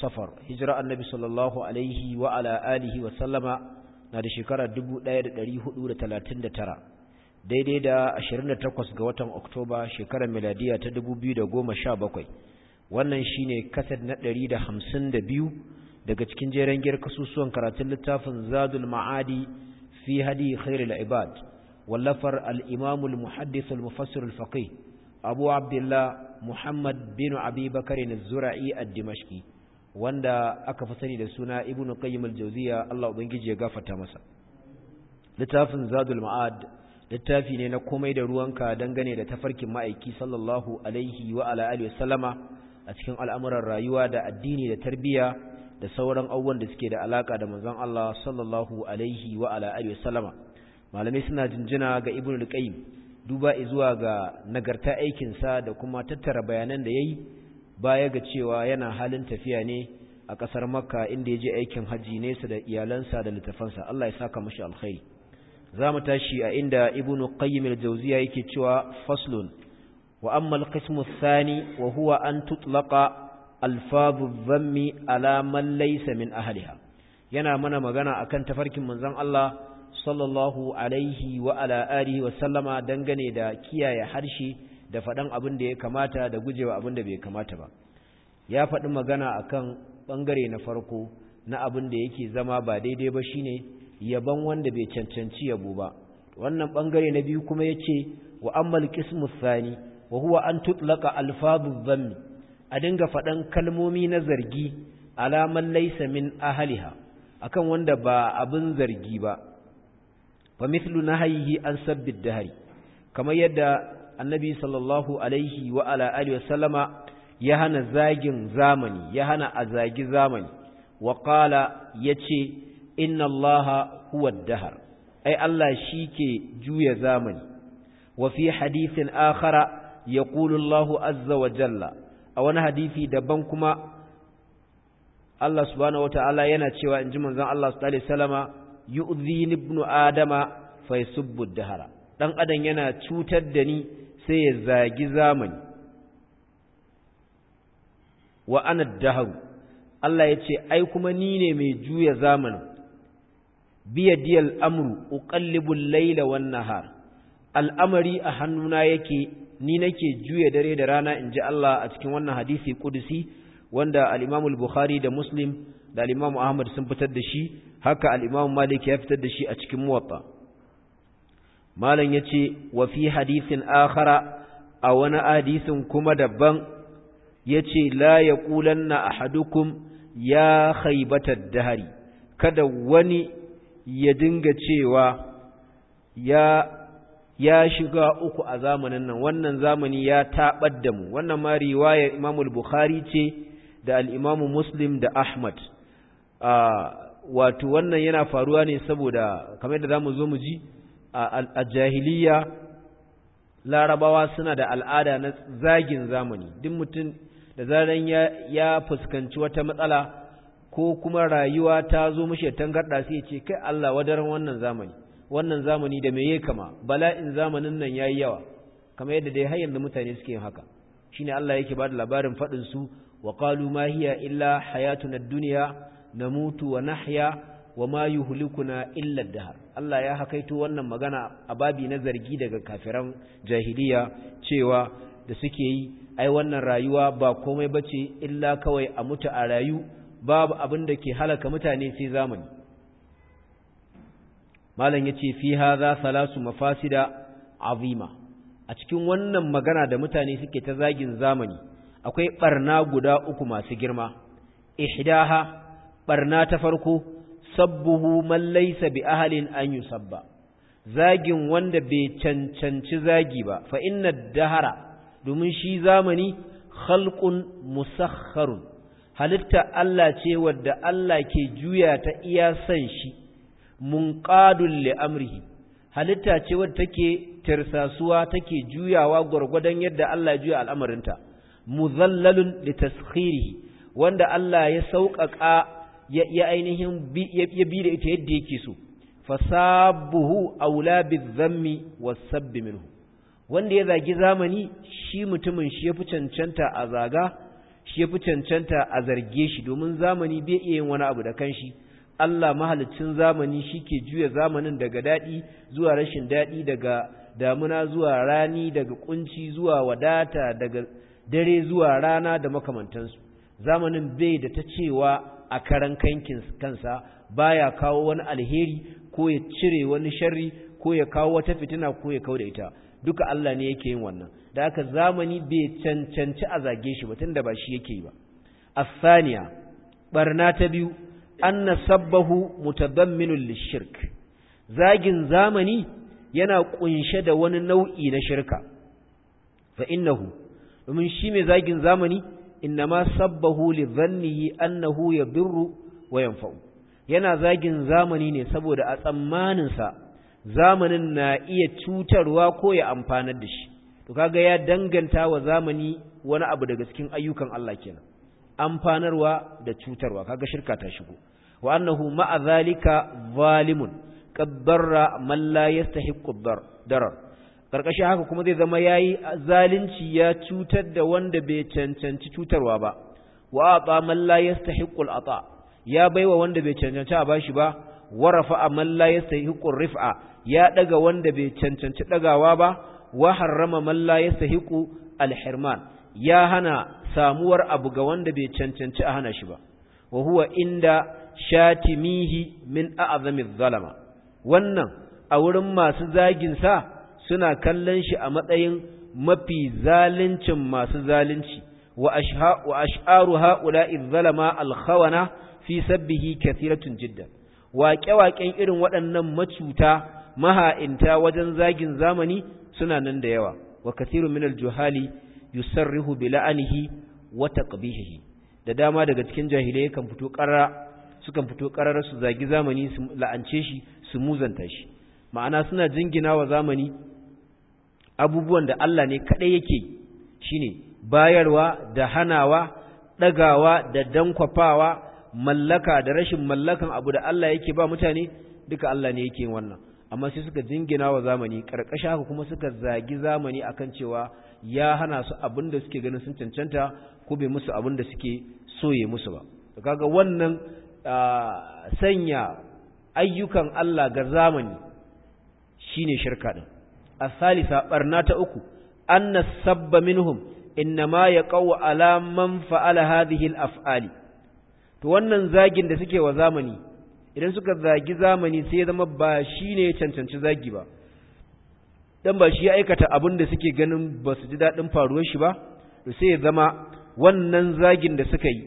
safar hijira annabi sallallahu alaihi wa ala alihi wa sallama na da shekara 1439 daidai da 28 ga watan oktoba shekarar miladiya ta 2017 wannan shine kasad na 152 daga cikin jeren giyar kasusuwan karatun littafin zadul ma'adi fi hadi khairul ibad wallafar al-imam al-muhaddith al-mufassir al-faqih abu abdullah muhammad bin abi bakr az-zura'i ad-dimashqi wanda aka fi sani da suna ibnu qayyim al-jawziya Allah ubangije ya gafarta masa littafin zadul ma'ad littafi ne na komai da ruwanka dangane da tafarkin ma'aiki sallallahu alaihi wa ala alihi sallama a cikin al'amuran rayuwa da addini da tarbiyya da sauran abubuwan da suke da alaka da manzon Allah sallallahu alaihi wa ala alihi sallama malamai suna jinjina ga ibnu qayyim duba zuwa ga nagarta aikin sa da kuma tattara bayanan da yayi baya ga cewa yana halin tafiya ne a ƙasar makka inda ya je aikin hajji nesa da iyalansa da littafansa Allah ya saka mashi alkhairi za mu tashi a inda ibnu qayyim al-jawziya yake cewa faslun wa amma al-qismu ath-thani wa huwa an tutlaqa alfazu dhammi ala man laysa min ahliha yana mana magana akan tafarkin manzon Allah sallallahu alaihi wa ala alihi wa sallama dangane da kiyaye harshe da faɗan abin da ya kamata da gujewa abin da bai kamata ba ya faɗi magana a kan ɓangare na farko na abin da yake zama ba daidai ba shine yaban wanda bai cancanci yabo ba wannan ɓangare na biyu kuma ya ce wa ammal qismu thani wa huwa an tutlaka alfabun zanni a dinga faɗan kalmomi na zargi alaman laisamin min ahaliha akan wanda ba abin zargi ba fa mithlu nahyihi an sabbid dahri kamar yadda annabi sallallahu alaihi wa ala alihi wa sallama ya hana zagin zamani ya hana a zagi zamani wa qala yace inna allaha huwa dahar ai Allah shike juya zamani wa fi hadithin akhara yaqulu Allahu azza wa jalla a wani hadisi daban kuma Allah subhanahu ta'ala yana cewa in ji manzon Allah sallallahu alaihi wasallama yu'dhini ibnu adama fa yasubbu dahara dan adam yana cutar da ni sai ya zagi zamani wa ana daharu Allah ya ce ai kuma ni ne mai juya zamanin biya diyal amru uqallibul laila wan nahar al'amari a hannuna yake ni nake juya dare da rana in ji Allah a cikin wannan hadisi kudusi wanda al Bukhari da Muslim da al-Imam Ahmad sun fitar da shi, haka al-Imam Malik ya fitar da shi a cikin muwatta. malam yace wa fi hadithin akhara a wani hadisin kuma daban yace la yaqulanna ahadukum ya da dahari kada wani ya dinga cewa ya ya shiga uku a zamanin nan wannan zamani ya taɓar da mu wannan ma riwaya imamul bukhari ce da al'imamu muslim da ahmad ah, wato wannan yana faruwa ne saboda kamar da za mu zo mu ji a jahiliya larabawa suna da al'ada na zagin zamani duk mutum da zaran ya fuskanci wata matsala ko kuma rayuwa ta zo mishi tangarda sai ya ce kai Allah wadaran wannan zamani wannan zamani da me yake kama bala'in zamanin nan yayi yawa kamar yadda dai har yanzu mutane suke yin haka shine Allah yake bada labarin fadin su wa qalu ma hiya illa hayatuna ad-dunya namutu wa nahya wa ma yuhlikuna illa dahar Allah ya hakaito wannan magana a babi na zargi daga kafiran jahiliya cewa da suke yi ai wannan rayuwa ba komai bace illa kawai a mutu a rayu babu abin da ke halaka mutane sai zamani malam yace fi hadha salasu mafasida azima a cikin wannan magana da mutane suke ta zagin zamani akwai barna guda uku masu girma ihdaha barna ta farko sabbuhu man laysa bi ahlin an yusabba zagin wanda bai cancanci zagi ba fa inna dahara domin shi zamani khalqun musakharun halitta Allah ce wadda Allah ke juya ta iya san shi munqadul li amrihi halitta ce wadda take tirsasuwa take juyawa gwargwadon yadda Allah ya juya al'amarinta muzallalun li taskhirihi wanda Allah ya sauƙaƙa ya ainihin ya bi da ita yadda yake so fasabuhu aula bizammi wasabbi minhu wanda ya zagi zamani shi mutumin shi ya fi cancanta a zaga shi ya fi cancanta a zarge shi domin zamani bai iya yin wani abu da kanshi Allah mahalicin zamani shi ke juya zamanin daga dadi zuwa rashin dadi daga damuna zuwa rani daga kunci zuwa wadata daga dare zuwa rana da makamantansu zamanin bai da ta cewa a karan kankin kansa baya kawo wani alheri ko ya cire wani sharri ko ya kawo wata fitina ko ya kauda ita duka Allah ne yake yin wannan da haka zamani bai cancanci a zage shi ba da ba shi yake yi ba asaniya barna ta biyu anna sabbahu mutadamminun lishirk zagin zamani yana kunshe da wani nau'i na shirka fa innahu domin shi mai zagin zamani innama sabbahu li dhannihi annahu ya birru yanfa'u yana zagin zamani ne saboda a tsammanin sa zamanin na iya cutarwa ko ya amfanar da shi to kaga ya danganta wa zamani wani abu daga cikin ayyukan Allah kenan amfanarwa da cutarwa kaga shirka ta shigo wa annahu ma'a zalika zalimun qaddarra man la yastahiqqu darar Ƙarƙashin haka kuma zai zama yayi zalunci ya cutar da wanda bai cancanci cutarwa ba wa a man la yastahiqu al ata ya baiwa wanda bai cancanci a bashi ba wa a man ya yastahiqu rif'a ya ɗaga wanda bai cancanci ɗagawa ba wa harrama man la yastahiqu ya hana samuwar abu ga wanda bai cancanci a hana shi ba wa huwa inda shatimihi min a'zami zalama wannan a wurin masu zagin sa suna kallon shi a matsayin mafi zalincin masu zalunci wa ash'aru ha'ula'i zalama alkhawana fi sabbihi kathiratun jiddan waƙe-waƙen irin waɗannan macuta maha'inta wajen zagin zamani suna nan da yawa wa kathirun minal juhali yusarrihu bi la'anihi wa taqbihihi da dama daga cikin jahilai kan fito ƙarara sukan fito ƙarara su zagi zamani su la'ance shi su muzanta shi ma'ana suna jingina wa zamani abubuwan da Allah ne kaɗai yake shine bayarwa da hanawa ɗagawa da dankwafawa mallaka da rashin mallakan abu da Allah yake ba mutane duka Allah ne yake wannan amma sai suka jingina wa zamani karkashin haka kuma suka zagi zamani akan cewa ya hana su abin da suke ganin sun cancanta ko bai musu abin da suke soye musu ba kaga wannan sanya ayyukan Allah ga zamani shine shirka din الثالثة برنات أكو أن السب منهم إنما يقو على من فعل هذه الأفعال wannan zagin da suke wa zamani idan suka zagi zamani sai zama ba shi ne cancanci zagi ba dan ba shi ya aikata abin da suke ganin ba su ji daɗin faruwar shi ba sai ya zama wannan zagin da suka yi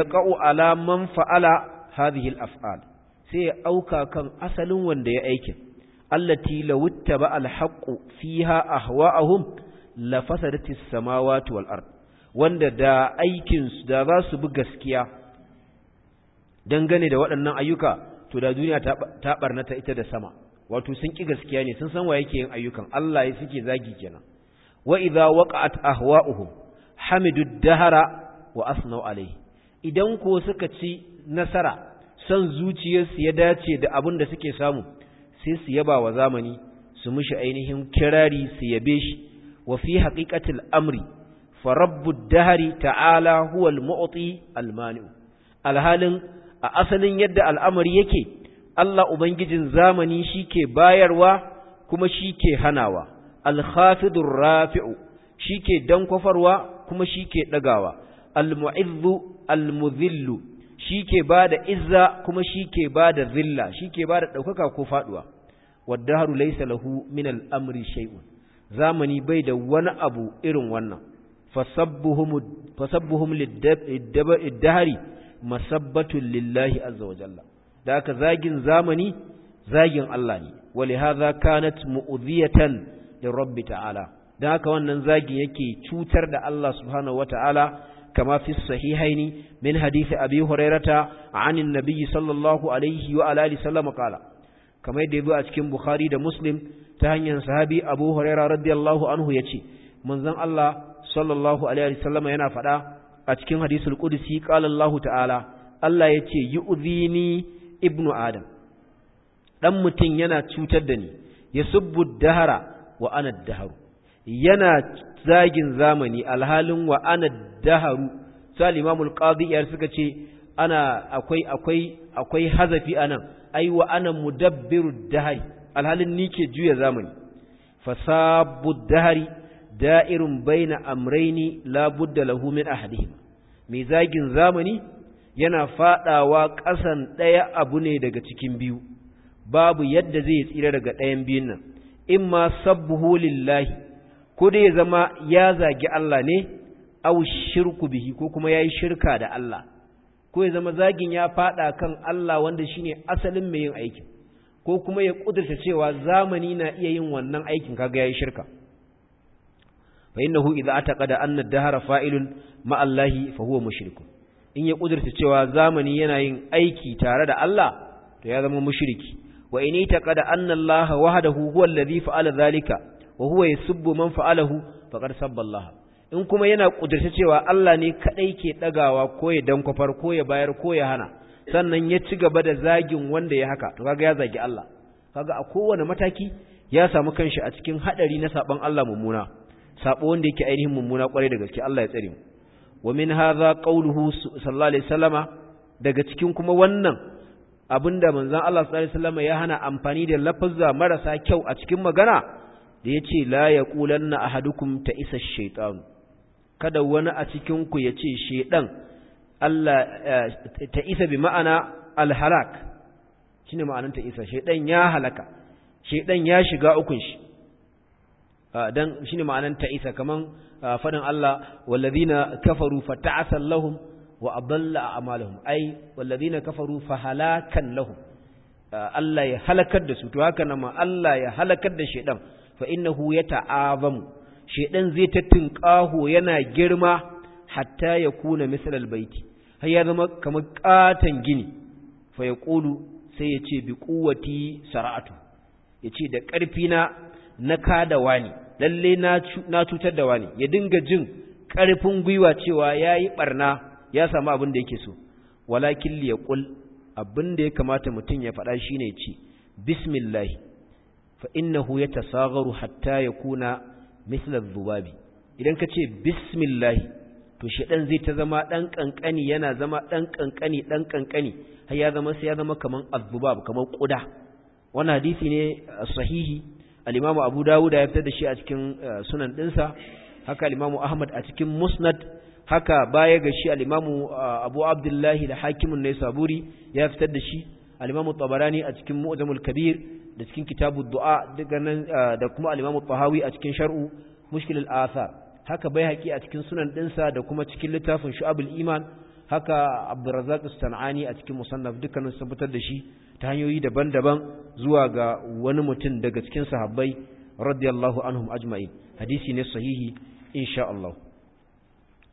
ya ƙa'u ala man fa'ala hadhihi al-af'al sai ya auka kan asalin wanda ya aikin Allah law ittaba al-haqqu fiha ahwa'ahum la fasadat wanda da aikin su da za su bi gaskiya dangane da waɗannan ayyuka to da duniya ta barnata ita da sama wato sun ki gaskiya ne sun san wa yake yin ayyukan Allah ya suke zagi kenan wa idza waqa'at ahwa'uhum hamidud dahara wa asnau alayhi idan ko suka ci nasara son zuciyarsu ya dace da abin da suke samu sai su yaba wa zamani su mushi ainihin kirari su yabe shi wa fi haqiqatil amri fa rabbud dahri ta'ala huwa al-mu'ti al-mani'u alhalin a asalin yadda al'amari yake Allah ubangijin zamani shike bayarwa kuma shike hanawa al-khafidur rafi'u shike dankwafarwa kuma shike dagawa al-mu'izzu al-mudhillu shike bada izza kuma shike bada zilla shike bada daukaka ko faduwa waddaharu laysa lahu min amri shay'un zamani bai da wani abu irin wannan fasabbuhum fasabbuhum lid masabbatun lillahi azza wa jalla zagin zamani zagin Allah ne walihaza kanat mu'dhiyatan lirabbi ta'ala da haka wannan zagin yake cutar da Allah subhanahu wata'ala kama fi sahihaini min hadisi abi hurairata anin nabiyyi sallallahu alaihi wa alihi sallam qala kamar yadda ya zo a cikin Bukhari da Muslim ta hanyar sahabi Abu Huraira radiyallahu anhu yace manzon Allah sallallahu alaihi yana faɗa a cikin hadisul qudsi qala Allah ta'ala Allah yi yu'dhini ibnu adam dan mutum yana cutar da ni yasubbu dahara wa ana daharu yana zagin zamani alhalin wa ana daharu sai imamul qadi suka ce ana akwai akwai akwai hazafi anan ai wa ana mudabbiru dahari alhalin ni ke juya zamani fasabu dahari da'irun baina amraini la budda lahu min ahadihim mai zagin zamani yana fadawa ƙasan ɗaya abu ne daga cikin biyu babu yadda zai tsira daga ɗayan biyun nan imma sabbuhu lillahi ko dai ya zama ya zagi Allah ne aw shirku bihi ko kuma yayi shirka da Allah ko ya zama zagin ya faɗa kan Allah wanda shine asalin mai yin aikin ko kuma ya kudurta cewa zamani na iya yin wannan aikin kaga yayi shirka fa innahu idza ataqada anna ad-dahara fa'ilun ma Allahi fa huwa mushriku in ya kudurta cewa zamani yana yin aiki tare da Allah to ya zama mushriki wa in itaqada anna Allah wahdahu huwa alladhi fa'ala dhalika wa huwa yasubbu man fa'alahu faqad sabba Allah in kuma yana kudurta cewa Allah ne kadai ke ɗagawa ko ya dankwafar ko ya bayar ko ya hana sannan ya ci gaba da zagin wanda ya haka to kaga ya zagi Allah kaga a kowane mataki ya samu kanshi a cikin hadari na saban Allah mummuna sabo wanda yake ainihin mummuna kwarai da gaske Allah ya tsare mu wa min hadha qawluhu sallallahu alaihi wasallama daga cikin kuma wannan abinda manzon Allah sallallahu alaihi wasallama ya hana amfani da lafazza marasa kyau a cikin magana da yace la yaqulanna ahadukum ta isa shaytanu kada wani a cikinku ya ce shaiɗan Allah eh, ta isa bi ma'ana alhalak shine ma'anar ta isa Shaiɗan ya halaka shaiɗan ya shiga ukun shi ah, dan shine ma'anar ta isa kaman ah, faɗin Allah wallazina kafaru ta'asan lahum wa adalla a'malahum ai wallazina kafaru fahalakan lahum ah, Allah ya halakar da su to haka nan ma Allah ya halakar da shaiɗan. fa innahu yata'azamu shedan zai ta tinkaho yana girma hatta ya kuna misalar baiti har ya zama kamar katan gini fa ya kulu sai ya ce bi ƙuwati sara'atu ya ce da ƙarfina na na kada wani lalle na cutar da wani ya dinga jin ƙarfin gwiwa cewa ya yi ɓarna ya samu abin da yake so walakin liya ƙul abin da ya kamata mutum ya faɗa shi ne ce bismillahi fa innahu ya tasagaru hatta ya kuna mislar zubabi idan ka ce bismillahi to shaɗan zai ta zama ɗan ƙanƙani yana zama ɗan ƙanƙani ɗan ƙanƙani har ya zama sai ya zama kaman azubab kaman ƙuda wani hadisi ne uh, sahihi alimamu abu dawuda ya fitar da shi a cikin uh, sunan ɗinsa haka alimamu ahmad a cikin musnad haka baya ga shi alimamu uh, abu abdullahi da hakimun ne saburi ya fitar da shi alimamu imamu tabarani a cikin mu'jamul kabir da cikin kitabu du'a daga nan da kuma al-Imam Tahawi a cikin Shar'u Mushkil al haka haka haƙi a cikin sunan ɗinsa da kuma cikin littafin Shu'abul Iman haka abdurazak As-Sanani a cikin Musannaf dukkanin sun fitar da shi ta hanyoyi daban-daban zuwa ga wani mutum daga cikin sahabbai radiyallahu anhum ajma'in hadisi ne sahihi insha Allah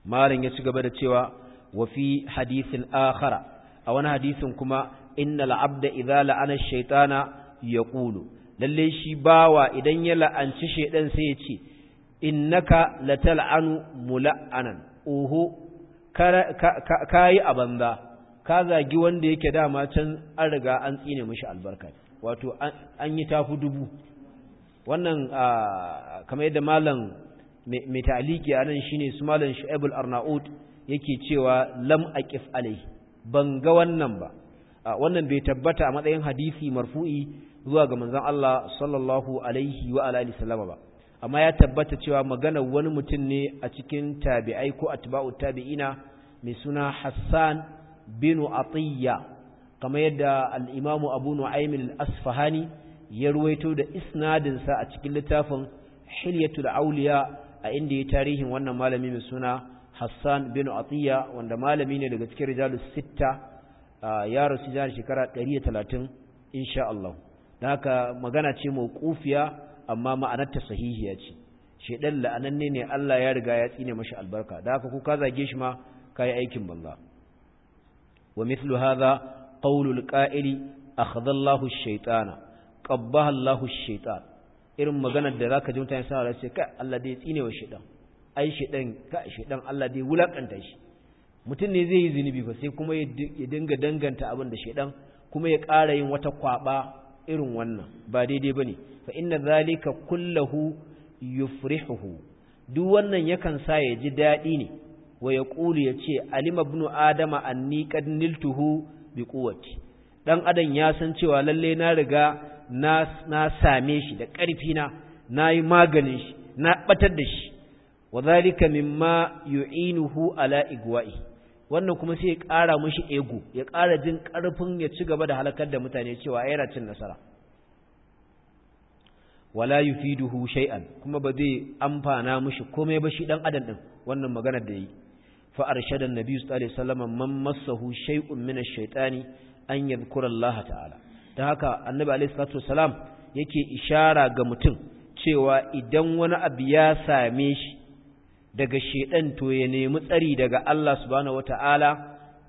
malam ya ci gaba da cewa wa fi hadithin akhara a wani hadisin kuma innal abda idza la'ana ash-shaytana yaqulu lalle shi bawa idan ya la'anci shedan sai ya ce innaka latal'anu mula'anan oho kayi a banza ka zagi wanda yake dama can an riga an tsine mishi albarka wato an yi tafi dubu wannan kamar yadda malam mai taliki a nan shine su malam shu'aibul arnaud yake cewa lam aqif alai ban ga wannan ba wannan bai tabbata a matsayin hadisi marfu'i zuwa ga manzon Allah sallallahu alaihi wa alihi sallama ba amma ya tabbata cewa magana wani mutum ne a cikin tabi'ai ko atba'u tabi'ina mai suna Hassan bin Atiyya kamar yadda al Abu Nu'aym al-Asfahani ya ruwaito da isnadinsa a cikin littafin Hilyatul Auliya a inda ya tarihin wannan malami mai suna Hassan bin Atiyya wanda malami ne daga cikin rijalus sitta ya rasu jihar shekara 130 insha Allah da haka magana ce mawqufiya amma ma'anar ta sahihiya ce shedan la'ananne ne Allah ya riga ya tsine mashi albarka da haka ko ka zage shi ma kai aikin banza wa mithlu hadha qawlul qa'ili akhadha Allahu ash-shaytana qabbaha Allahu ash-shaytan irin maganar da zaka ji mutane sa sai kai Allah dai tsine wa shedan ai shedan ka shedan Allah dai wulakanta shi mutum ne zai yi zunubi fa sai kuma ya dinga danganta abin da shedan kuma ya ƙara yin wata kwaba irin wannan ba daidai ba ne fa inna zalika kullahu yufrihuhu duk wannan yakan sa ya ji daɗi ne wa ya ce alim ibn adama anni qad niltuhu bi quwwati dan adam ya san cewa lalle na riga na na same shi da ƙarfi na nayi maganin shi na batar da shi wa zalika mimma yu'inuhu ala igwa'i wannan kuma sai ya ƙara mushi ego ya ƙara jin ƙarfin ya ci gaba da halakar da mutane cewa yana cin nasara wala yufiduhu shay'an kuma ba zai amfana mushi komai ba shi dan adam din wannan magana da yi fa arshada annabi sallallahu alaihi wasallam man massahu shay'un min ash-shaytani an yadhkura Allah ta'ala dan haka annabi alaihi salatu wasalam yake ishara ga mutum cewa idan wani abu ya same shi daga shedan to ya nemi tsari daga Allah subhanahu wataala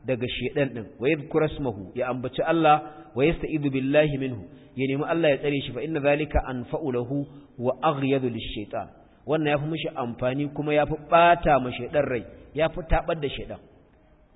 daga shedan din wa yadhkura ismahu ya ambaci Allah wa yasta'idhu billahi minhu ya nemi Allah ya tsare shi fa inna zalika anfa'u lahu wa aghyadu lishaitan wannan fi mishi amfani kuma fi bata ma shedan rai fi tabar da shedan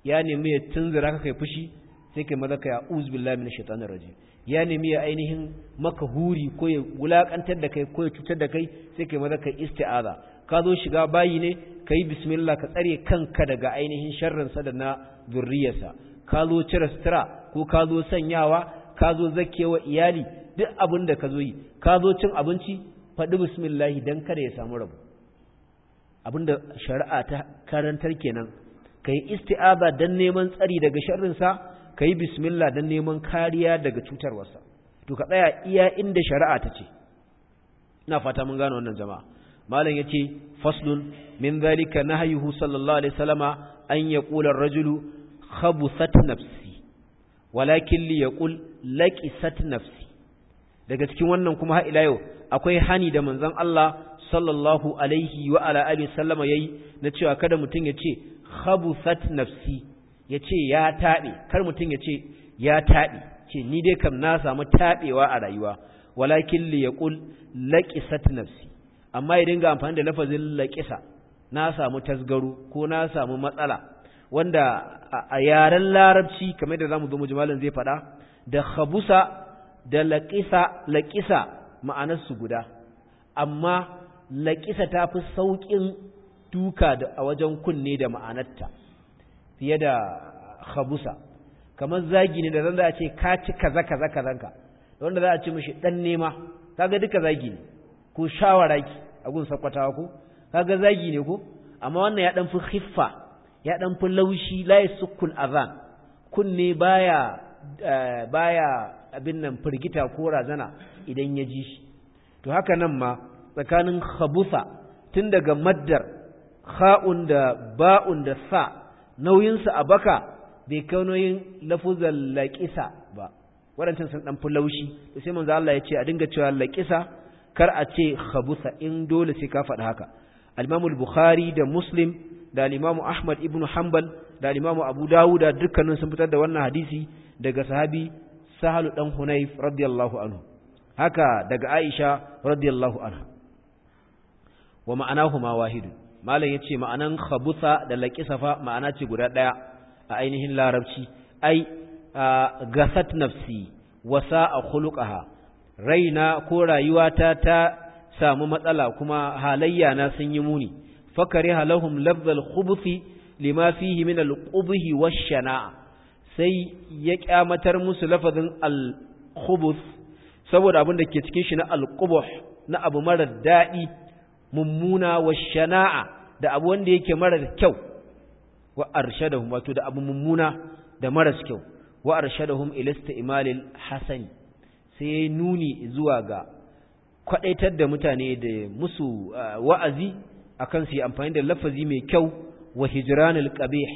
ya nemi ya tunzura ka kai fushi sai kai maza kai a'udhu billahi minash shaitanir rajim ya nemi ya ainihin maka huri ko ya wulakantar da kai ko ya cutar da kai sai kai maza kai isti'aza ka zo shiga bayi ne ka yi bismillah ka tsare kanka daga ainihin sharrinsa da na zurriyarsa ka zo cire sutura ko ka zo sanyawa ka zo zakewa iyali duk abin da ka zo yi ka zo cin abinci faɗi bismillah don kada ya samu rabu abin da shari'a ta karantar kenan ka yi isti'aza don neman tsari daga sharrinsa ka yi bismillah don neman kariya daga cutarwarsa to ka tsaya iya inda shari'a ta ce ina fata mun gane wannan jama'a malam yace faslun min zalika nahyuhu sallallahu alaihi wasallama an yaqula ar-rajulu khabuthat nafsi walakin li yaqul laqisat nafsi daga cikin wannan kuma har ila yau akwai hani da manzon Allah sallallahu alaihi wa ala alihi sallama yayi na cewa kada mutun ya ce khabuthat nafsi ya ce ya tabe kar mutun ya ce ya tabe ce ni dai kam na samu tabewa a rayuwa walakin li yaqul laqisat nafsi amma ya dinga amfani da lafazin laƙisa na samu tasgaru ko na samu matsala wanda a yaren larabci kamar da zamu zo mu jimalin zai faɗa da khabusa da laƙisa laƙisa ma'anar su guda amma laƙisa ta fi sauƙin duka a wajen kunne da ma'anarta fiye da khabusa kamar zagi ne da zan za a ce ka ci kaza kaza kazanka wanda za a ce mishi ɗan nema kaga duka zagi ne ko shawara ki a gun sakwatawa ko kaga zagi ne ko amma wannan ya dan fi khiffa ya dan fi laushi la yasukul azan kunne baya eh, baya abin nan firgita ko razana idan ya ji shi to haka nan ma tsakanin khabusa tun daga maddar kha'un da ba'un da sa nauyinsa a baka bai kai nauyin lafuzan laqisa ba wadancan sun ɗan fi laushi sai manzo Allah ya ce a dinga cewa laqisa kar a ce khabusa in dole sai ka faɗi haka al bukhari da Muslim da al-Imam Ahmad ibn Hanbal da al-Imam Abu Dawud da dukkanin sun fitar da wannan hadisi daga sahabi Sahal dan Hunayf radiyallahu anhu haka daga Aisha radiyallahu anha wa ma'anahuma wahidu malam yace ma'anan khabusa da laqisafa ma'ana ce guda daya a ainihin larabci ai gasat nafsi wa sa'a khuluqaha raina ko rayuwata ta samu matsala kuma halayya na sun yi muni fakari halahum labdal khubuthi lima fihi min al-qubhi shanaa sai ya kyamatar musu lafazin al-khubuth saboda abin da ke cikin shi na al-qubuh na abu mara dadi mummuna wash-shana'a da abu wanda yake mara kyau wa arshadahum wato da abu mummuna da maras kyau wa arshadahum ila istimalil hasani sai nuni zuwa ga kwadaitar da mutane da musu wa'azi akan su yi amfani da lafazi mai kyau wa hijranul qabih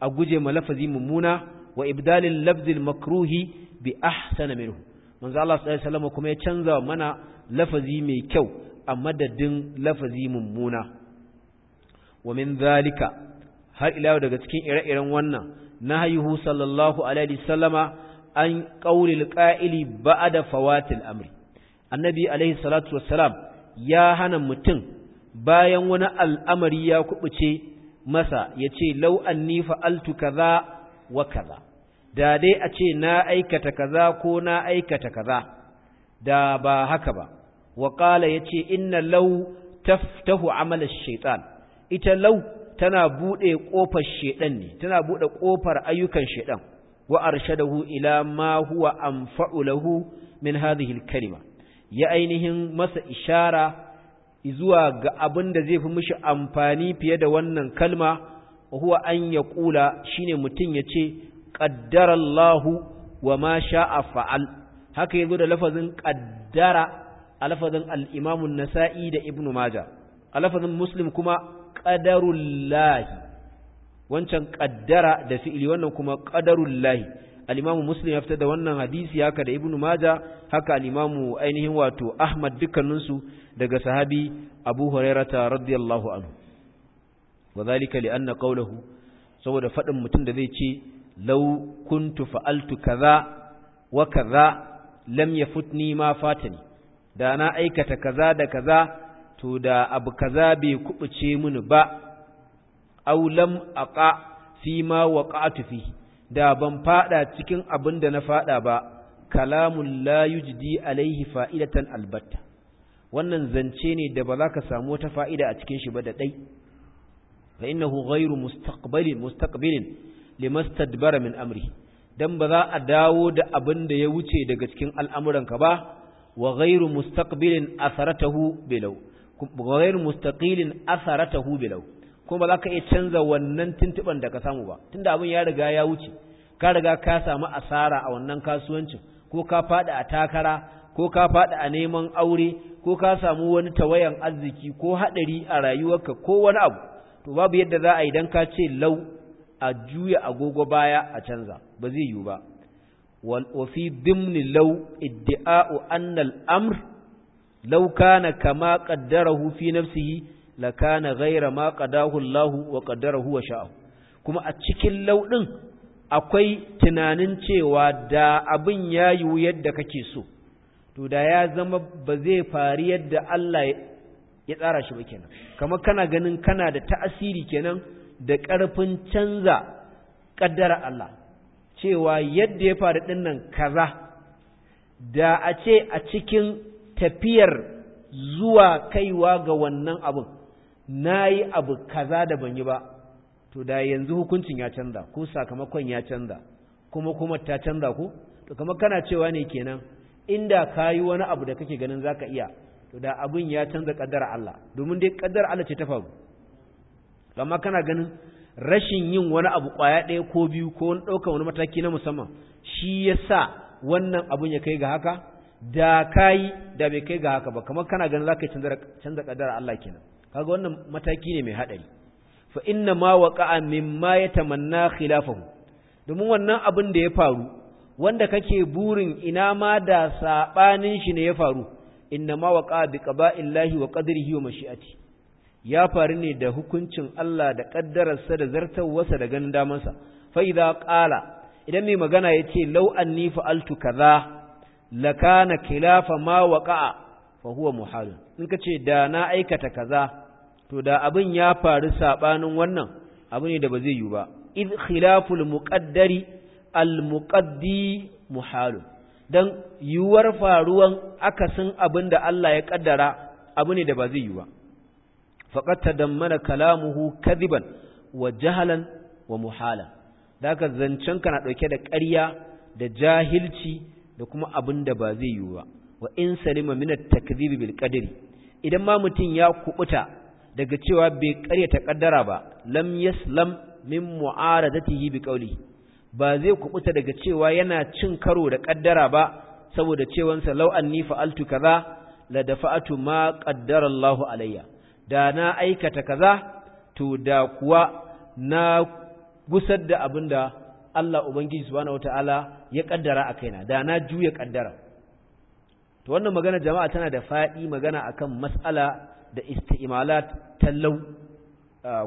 a guje ma lafazi mummuna wa ibdalil lafzil makruhi bi ahsana minhu manzo Allah sallallahu alaihi wasallam kuma ya canza mana lafazi mai kyau a madadin lafazi mummuna wa min zalika har ila daga cikin ire-iren wannan nahayuhu sallallahu alaihi wasallama an qaulil qa'ili ba'da fawatil amri annabi alaihi salatu wassalam ya hana mutum bayan wani al'amari ya kubuce masa yace law anni fa'altu kaza wa kaza da dai a ce na aikata kaza ko na aikata kaza da ba haka ba wa qala yace inna law taftahu amal ash-shaytan ita lau tana buɗe ƙofar shedan ne tana bude kofar ayyukan shaiɗan. wa arshadahu ila ma huwa anfa'u lahu min hadhihi al-kalima ya ainihin masa ishara zuwa ga abin da zai fi mishi amfani fiye da wannan kalma huwa an ya kula shine mutum ya ce Lahu wa ma sha'a fa'al haka ya zo da lafazin ƙaddara a lafazin al'imamun nasa'i da ibnu maja a lafazin muslim kuma ƙadarullahi wancan kaddara da fi'ili wannan kuma qadarullahi al-imamu muslim ya fitar da wannan hadisi haka da ibnu maja haka al-imamu ainihin wato ahmad dukkaninsu daga sahabi abu hurairata radiyallahu anhu wadhalika li anna qawluhu saboda fadin mutum da zai ce law kuntu fa'altu kaza wa kaza lam yafutni ma fatani da na aikata kaza da kaza to da abu kaza bai kubuce mini ba aw lam aqa fi ma waqa'tu fi da ban fada cikin abin da na fada ba kalamun la yujdi alaihi fa'idatan albatta wannan zance ne da ba za ka samu wata fa'ida a cikin shi ba da dai fa innahu ghayru mustaqbalin mustaqbilin limastadbara min amri dan ba za a dawo da abin da ya wuce daga cikin al'amuranka ba wa ghayru mustaqbilin atharatahu bilaw ghayru mustaqilin atharatahu bilaw kuma ba za ka iya canza wannan tuntuɓan da ka samu ba tunda abin ya riga ya wuce ka riga ka samu asara a wannan kasuwancin ko ka faɗi a takara ko ka faɗi a neman aure ko ka samu wani tawayan arziki ko haɗari a rayuwarka ko wani abu to babu yadda za a yi dan ka ce lau a juya agogo baya a canza ba zai yiwu ba wa fi dimni lau iddi'a'u annal amr law kana kama qaddarahu fi nafsihi lakana ghaira ma qadahu Allah wa qaddarahu wa sha'a kuma a cikin lauɗin akwai tunanin cewa da abin ya yiwu yadda kake so to da ya zama ba zai fari yadda Allah ya tsara shi ba kenan kamar kana ganin kana da ta'asiri kenan da ƙarfin canza ƙaddara Allah cewa yadda ya faru din nan kaza da a ce a cikin tafiyar zuwa kaiwa ga wannan abin na yi abu kaza da ban yi ba to da yanzu hukuncin ya canza ko sakamakon ya canza kuma kuma ta canza ku, to kamar kana cewa ne kenan inda ka yi wani abu da kake ganin zaka iya to da abun ya canza kaddara Allah domin dai kaddar Allah ce ta faru amma kana ganin rashin yin wani abu kwaya ɗaya ko biyu ko wani ɗaukar wani mataki na musamman shi ya sa wannan abun ya kai ga haka da ka yi da bai kai ga haka ba kamar kana ganin za ka canza kaddara Allah kenan kaga wannan mataki ne mai hadari fa inna ma waqa'a mimma yatamanna khilafahu domin wannan abin da ya faru wanda kake burin ina ma da sabanin shi ne ya faru inna ma waqa'a bi qada'illahi wa qadrihi wa mashi'ati ya faru ne da hukuncin Allah da kaddararsa da zartawarsa da ganin damansa fa idza qala idan mai magana yace law anni fa'altu kaza lakana khilafa ma waqa'a fa huwa muhal in kace da na aikata kaza to da abin ya faru sabanin wannan abu ne da ba zai yi ba iz khilaful muqaddari al muqaddi muhal dan yiwuwar faruwan akasin abin da Allah ya kaddara abu ne da ba zai yi ba faqat tadammana kalamuhu kadiban wa jahalan wa Da daga zancen kana dauke da ƙarya da jahilci da kuma abin da ba zai yi ba wa in salima min at-takdhib bil qadri idan ma mutun ya kubuta daga cewa bai karyata kaddara ba lam yaslam min mu'aradatihi bi qawli ba zai kubuta daga cewa yana cin karo da kaddara ba saboda sa law anni fa'altu kaza la dafa'tu ma qaddara Allahu alayya da na aikata kaza to da kuwa na gusar da abinda Allah ubangiji subhanahu wataala ya kaddara a kaina da na juya kaddara to wannan magana jama'a tana da fadi magana akan mas'ala da isti'malat tallau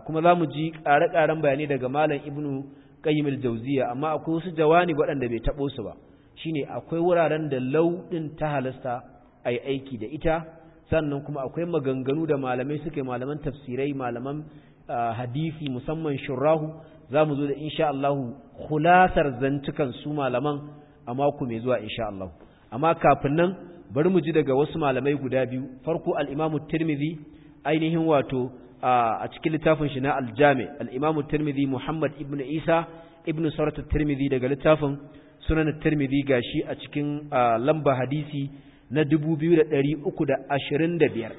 kuma za mu ji ƙare-ƙaren bayanai daga malam ibnu ƙayyimil Jauziya amma akwai wasu jawani waɗanda bai taɓo su ba shine akwai wuraren da lauɗin ta halasta ai aiki da ita sannan kuma akwai maganganu da malamai suke malaman tafsirai malaman hadisi musamman shurahu mu zo da insha Allah khulasar zantukan su malaman a mako mai zuwa insha Allah amma kafin nan bari mu ji daga wasu malamai guda biyu farko al tirmidhi ainihin wato a cikin littafin shi na al-jami tirmidhi muhammad ibn isa ibn sarata tirmidhi daga littafin sunan tirmidhi gashi a cikin lamba hadisi na 2325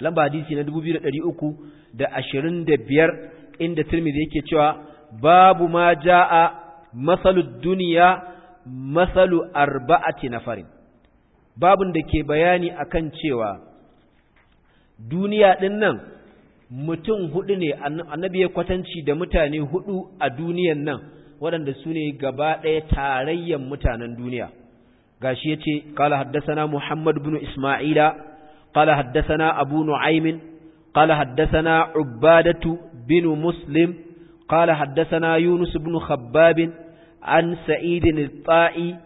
lamba hadisi na 2325 inda tirmidhi yake cewa babu ma jaa masalud dunya masalu arba'ati nafarin babun da ke bayani akan cewa duniya ɗin nan mutum hudu ne annabi ya kwatanci da mutane hudu a duniyan nan waɗanda su ne gaba ɗaya tarayyan mutanen duniya gashi ya ce ƙala haddasana muhammad bin isma'ila ƙala haddasana abu nu'aimin ƙala haddasana ubadatu bin muslim ƙala haddasana yunus bin khabbabin an sa'idin ta'i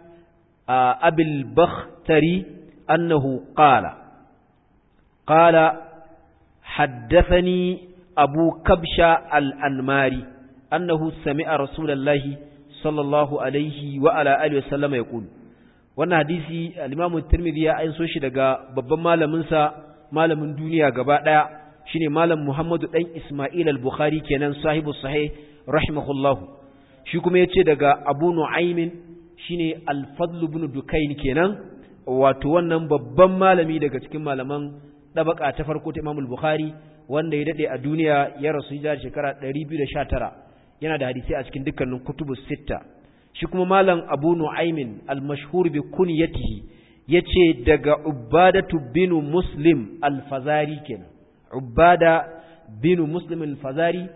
أبي البختري أنه قال قال حدثني أبو كبشة الأنماري أنه سمع رسول الله صلى الله عليه وعلى آله وسلم يقول wannan hadisi al-Imam ya aiso shi daga babban malamin sa malamin duniya gaba daya shine malam Muhammadu ɗan Isma'il al-Bukhari kenan sahibu sahih rahimahullahu shi kuma yace daga Abu Nu'aym shine al-fadl ibn dukayn kenan wato wannan babban malami daga cikin malaman dabaka ta farko ta Imam al-Bukhari wanda ya dade a duniya ya rasu da shekara 219 yana da hadisi a cikin dukkanin kutubus sitta shi kuma malam Abu Nu'aymin al-mashhur bi kunyatihi yace daga Ubadatu bin Muslim al-Fazari kenan Ubada bin Muslim al-Fazari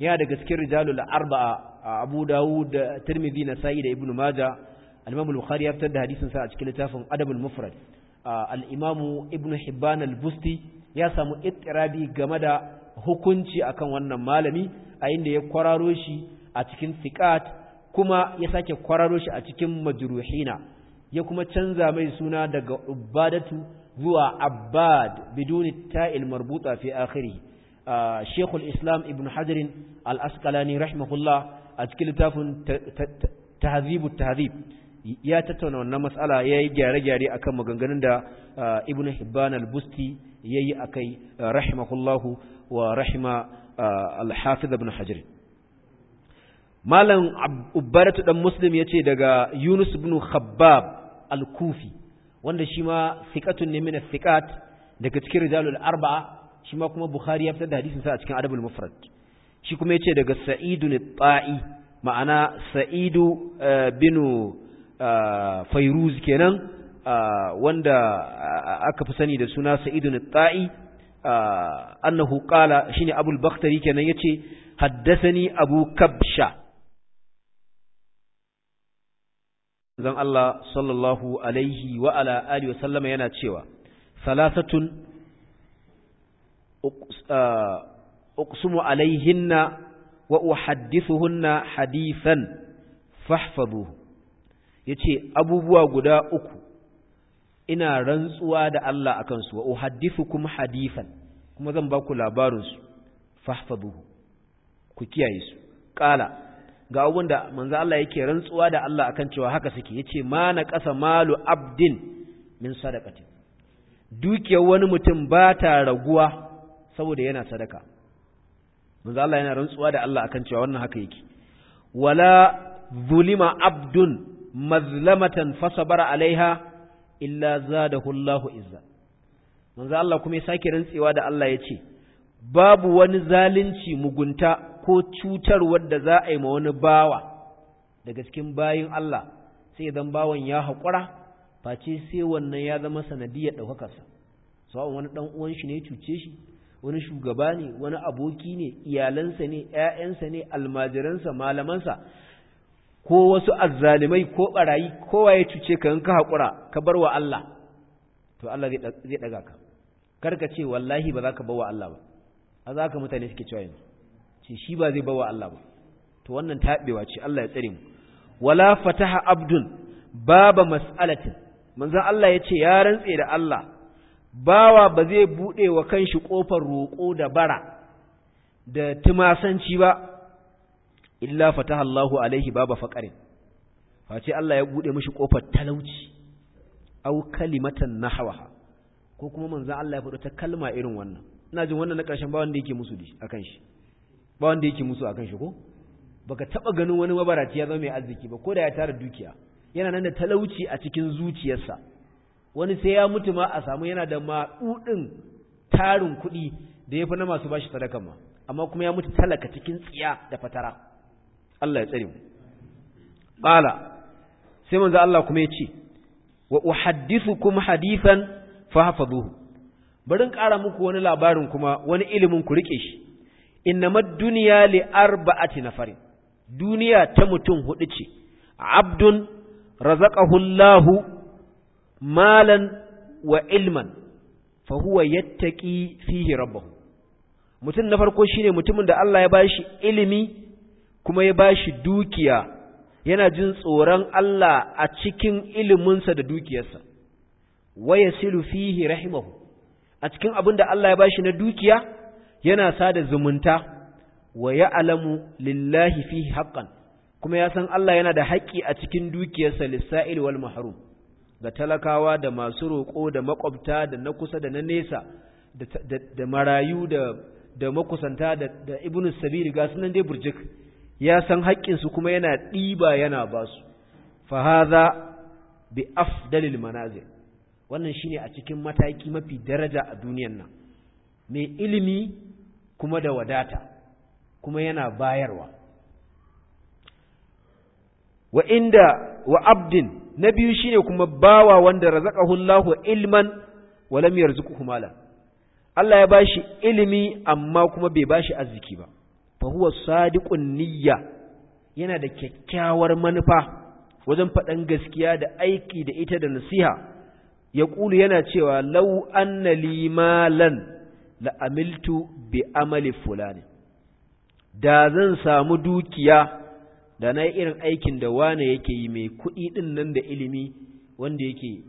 yana daga cikin rijalul arba'a abu dawud da tirmidhi nasa'i da ibnu majah al-imam al-bukhari ya fitar da hadisin sa a cikin littafin adabul mufrad al-imam ibnu hibban al-busti ya samu ittirabi game da hukunci akan wannan malami a inda ya kwararo shi a cikin siqat kuma ya sake kwararo shi a cikin majruhina ya kuma canza mai suna daga ubadatu zuwa abbad biduni ta'il marbuta fi akhirih shekul islam ibn hajarin al-asqalani rahimahullah a cikin littafin tahzibu tahzib ya tattauna wannan matsala yayi gyare-gyare akan maganganun da ibnu hibban al-busti yayi akai rahimahullahu wa rahima al-hafiz ibn hajar malam ubaratu dan muslim yace daga yunus ibn khabbab al-kufi wanda shima thiqatun ne min thiqat daga cikin rijalul arba'a shima kuma bukhari ya fitar da hadisin sa a cikin adabul mufrad shi kuma yace daga sa'idu al-ta'i ma'ana sa'idu eh, binu eh, fairuz kenan eh, wanda aka fi sani da suna sa'idu al-ta'i annahu qala shine abul bakhtari kenan yace haddathani abu kabsha zan Allah sallallahu alaihi wa ala alihi wa sallama yana cewa salasatun أقسم alaihinna wa حديثا فاحفظوه يتي yace abubuwa guda uku ina rantsuwa da Allah أكنسوا وأحدثكم wa كما hadithan kuma zan ba ku labarin su ga abun da manzo Allah yake rantsuwa da Allah akan cewa haka suke yace ma na kasa malu abdin min sadaqati dukiyar wani mutum ba ta raguwa saboda yana sadaka manzo Allah yana rantsuwa da Allah akan cewa wannan haka yake wala zulima abdun mazlamatan fasabara alaiha illa zadahu Allahu izza manzo Allah kuma ya sake rantsuwa da Allah ya ce babu wani zalunci mugunta ko cutarwar da za a yi ma wani bawa daga cikin bayin Allah sai dan bawan ya haƙura face sai wannan ya zama sanadiyar ɗaukakarsa sawa'un wani ɗan uwan shi ne ya cuce shi wani shugaba ne wani aboki ne iyalansa ne ‘ya'yansa ne almajiransa malamansa ko wasu azzalimai ko barayi kowa ya cuce ka ka haƙura ka bar wa Allah to Allah zai ɗaga ka karka ce wallahi ba za ka bar wa Allah ba a za ka mutane suke cewa yanzu ce shi ba zai bar wa Allah ba to wannan taɓewa ce Allah ya tsare mu wala fataha abdun baba mas'alatin manzon Allah ya ce ya rantse da Allah bawa ba zai buɗe wa kanshi ƙofar roƙo da bara da tumasanci ba illa fataha Allahu alaihi baba faqarin face Allah ya buɗe mishi ƙofar talauci aw kalimatan nahwaha ko kuma manzon Allah ya faɗo ta kalma irin wannan ina jin wannan na ƙarshen ba wanda yake musu akan shi ba wanda yake musu akan shi ko baka taba ganin wani mabaraci ya zama mai arziki ba ko da ya tara dukiya yana nan da talauci a cikin zuciyarsa wani sai ya mutu ma a samu yana da maɗuɗin tarin kuɗi da ya fi na masu bashi sadaka ma amma kuma ya mutu talaka cikin tsiya da fatara Allah ya tsare mu qala sai manzo Allah kuma ya ce wa uhaddithukum hadithan fahfazuhu barin ƙara muku wani labarin kuma wani ilimin ku rike shi innamad dunya li arba'ati nafarin duniya ta mutum hudu ce abdun razaqahu Allahu malan wa ilman fa huwa yattaqi fihi rabahu. mutum na farko shine mutumin da Allah ya bashi ilimi kuma ya bashi dukiya yana jin tsoron Allah a cikin iliminsa da dukiyarsa waya silu fihi rahimahu a cikin abin da Allah ya bashi na dukiya yana sada zumunta wa ya'lamu lillahi fihi haqqan kuma ya san Allah yana da haƙƙi a cikin dukiyarsa lissa'il wal mahrum ga talakawa da masu roƙo da makwabta da na kusa da na nesa da marayu da makusanta da ibn sabiri ga sunan dai burjik ya san haƙƙinsu kuma yana ɗiba yana ba su fahaza bi afdalil manazir wannan shine a cikin mataki mafi daraja a duniyan nan mai ilimi kuma da wadata kuma yana bayarwa wa inda wa abdin na biyu shine kuma bawa wanda razaqahu Allahu ilman wa lam yarzuqhu malan Allah ya bashi ilimi amma kuma bai bashi arziki ba fa huwa sadiqun niyya yana da kyakkyawar manufa wajen faɗan gaskiya da aiki da ita da nasiha ya ƙulu yana cewa lau anna li malan la amiltu bi amali fulani da zan samu dukiya da na yi irin aikin da wane yake yi mai kuɗi ɗin nan da ilimi wanda yake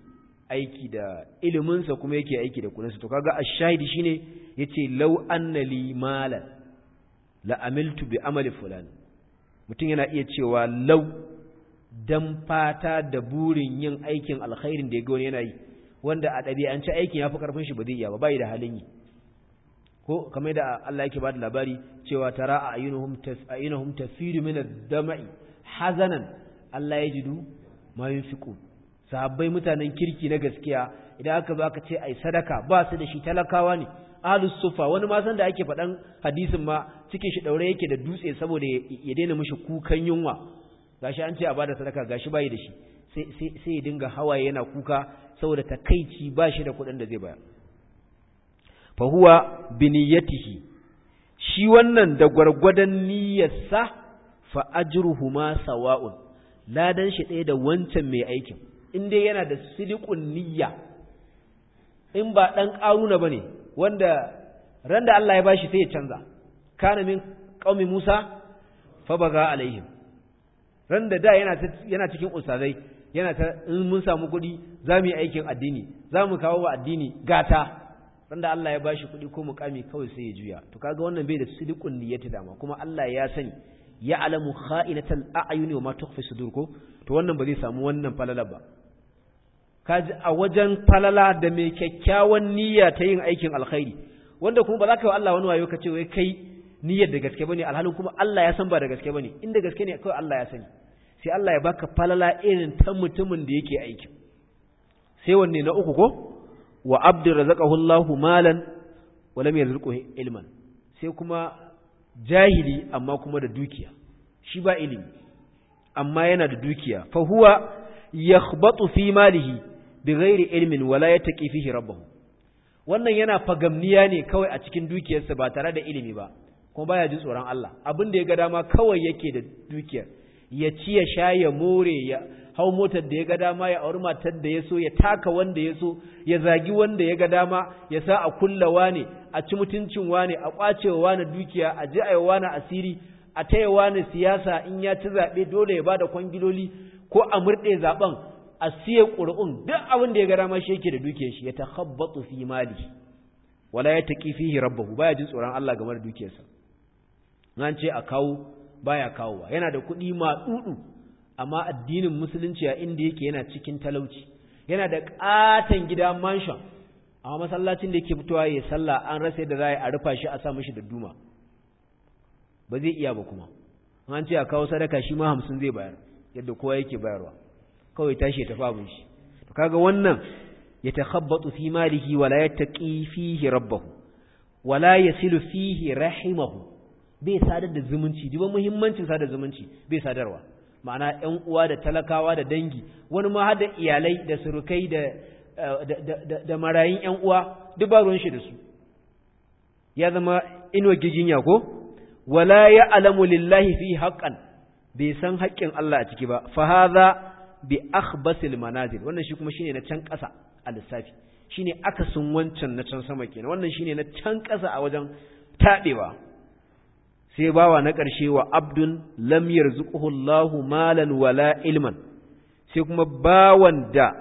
aiki da iliminsa kuma yake aiki da kuɗinsa to kaga ashahidi shine yace law anna li mala la amiltu bi amali fulan mutum yana iya cewa law dan fata da burin yin aikin alkhairin da ya ga wani yana yi wanda a ɗabi'ance aikin ya fi ƙarfin shi ba zai iya ba bai da halin yi ko kamar da Allah yake bada labari cewa tara a'yunuhum tas'ayunuhum tasiru min ad dama'i. hazanan Allah ya jidu ma yunfiqun sahabbai mutanen kirki na gaskiya idan aka ba ce ai sadaka ba su da shi talakawa ne ahlus sufa wani ma san da ake faɗan hadisin ma cikin shi daure yake da dutse saboda ya daina mishi kukan yunwa gashi an ce a bada sadaka gashi bai da shi sai sai ya dinga hawaye yana kuka saboda takaici ba shi da kuɗin da zai bayar fa huwa biniyatihi shi wannan da gwargwadon niyyarsa fa ajruhuma sawa'un ladan shi ɗaya da wancan mai aikin in dai yana da sidiqun niyya in ba dan karuna bane wanda ran da Allah ya bashi sai ya canza kana min qaumi Musa fa baga alaihim ran da da yana yana cikin ustazai yana ta in mun samu kuɗi za mu yi aikin addini za mu kawo wa addini gata sanda Allah ya bashi kuɗi ko mukami kawai sai ya juya to kaga wannan bai da sidiqun niyyati dama kuma Allah ya sani ya alamu kha'inatal a'yuni wa ma tukhfi sudur ko to wannan ba zai samu wannan falala ba kaji a wajen falala da mai kyakkyawan niyya ta yin aikin alkhairi wanda kuma ba za ka yi Allah wani wayo ka ce wai kai niyyar da gaske bane alhalin kuma Allah ya san ba da gaske bane inda gaske ne kawai Allah ya sani sai Allah ya baka falala irin ta mutumin da yake aiki sai wanne na uku ko wa abdur razaqahu Allahu malan wa lam yarzuqhu ilman sai kuma jahili amma kuma da dukiya shi ba ilimi amma yana da dukiya fa huwa yakhbatu fi malihi bighairi ilmin wa la yataqi fihi rabbahu wannan yana fagamniya ne kawai a cikin dukiyarsa ba tare da ilimi ba kuma baya ji tsoron Allah abin da ya ga dama kawai yake da dukiyar ya ci ya sha ya more ya hau motar da ya ga dama ya auri matar da ya so ya taka wanda ya so ya zagi wanda ya ga dama ya sa a kulla wane a ci mutuncin wane a kwace wa wane dukiya a ji a wane asiri a taya wane siyasa in ya ci zaɓe dole ya ba da kwangiloli ko a murɗe zaɓen a siya ƙuri'un duk abin da ya ga dama shi yake da dukiyar shi ya ta takhabbatu fi mali wala ya taƙi fihi rabbahu baya jin tsoron Allah game da dukiyarsa nan ce a kawo baya kawowa yana da kuɗi ma ɗuɗu. amma addinin musulunci a inda yake yana cikin talauci yana da katon gida mansion amma masallacin da yake fitowa ya sallah an rasa da za a rufa shi a sa mishi da duma ba zai iya ba kuma an ce a kawo sadaka shi ma hamsin zai bayar yadda kowa yake bayarwa kawai tashi ya tafi abin shi to kaga wannan ya takhabbatu fi malihi wala yattaqi fihi rabbahu wala yasilu fihi rahimahu bai sadar da zumunci duba muhimmancin sadar zumunci bai sadarwa ma'ana ‘yan uwa da talakawa da dangi wani ma har iyalai da surukai da eh, da marayun ‘yan uwa duk ba ruwan shi da su ya zama inuwa giginya ko wala ya alamu lillahi fi haqqan bai san haƙƙin Allah a ciki ba fa haza bi akhbasil manazil wannan shi kuma shine na can ƙasa a lissafi shine akasin wancan na can sama kenan wannan shine na can ƙasa a wajen taɗewa sai bawa na ƙarshe wa abdun lam yarzuquhu malan wala ilman sai kuma bawan da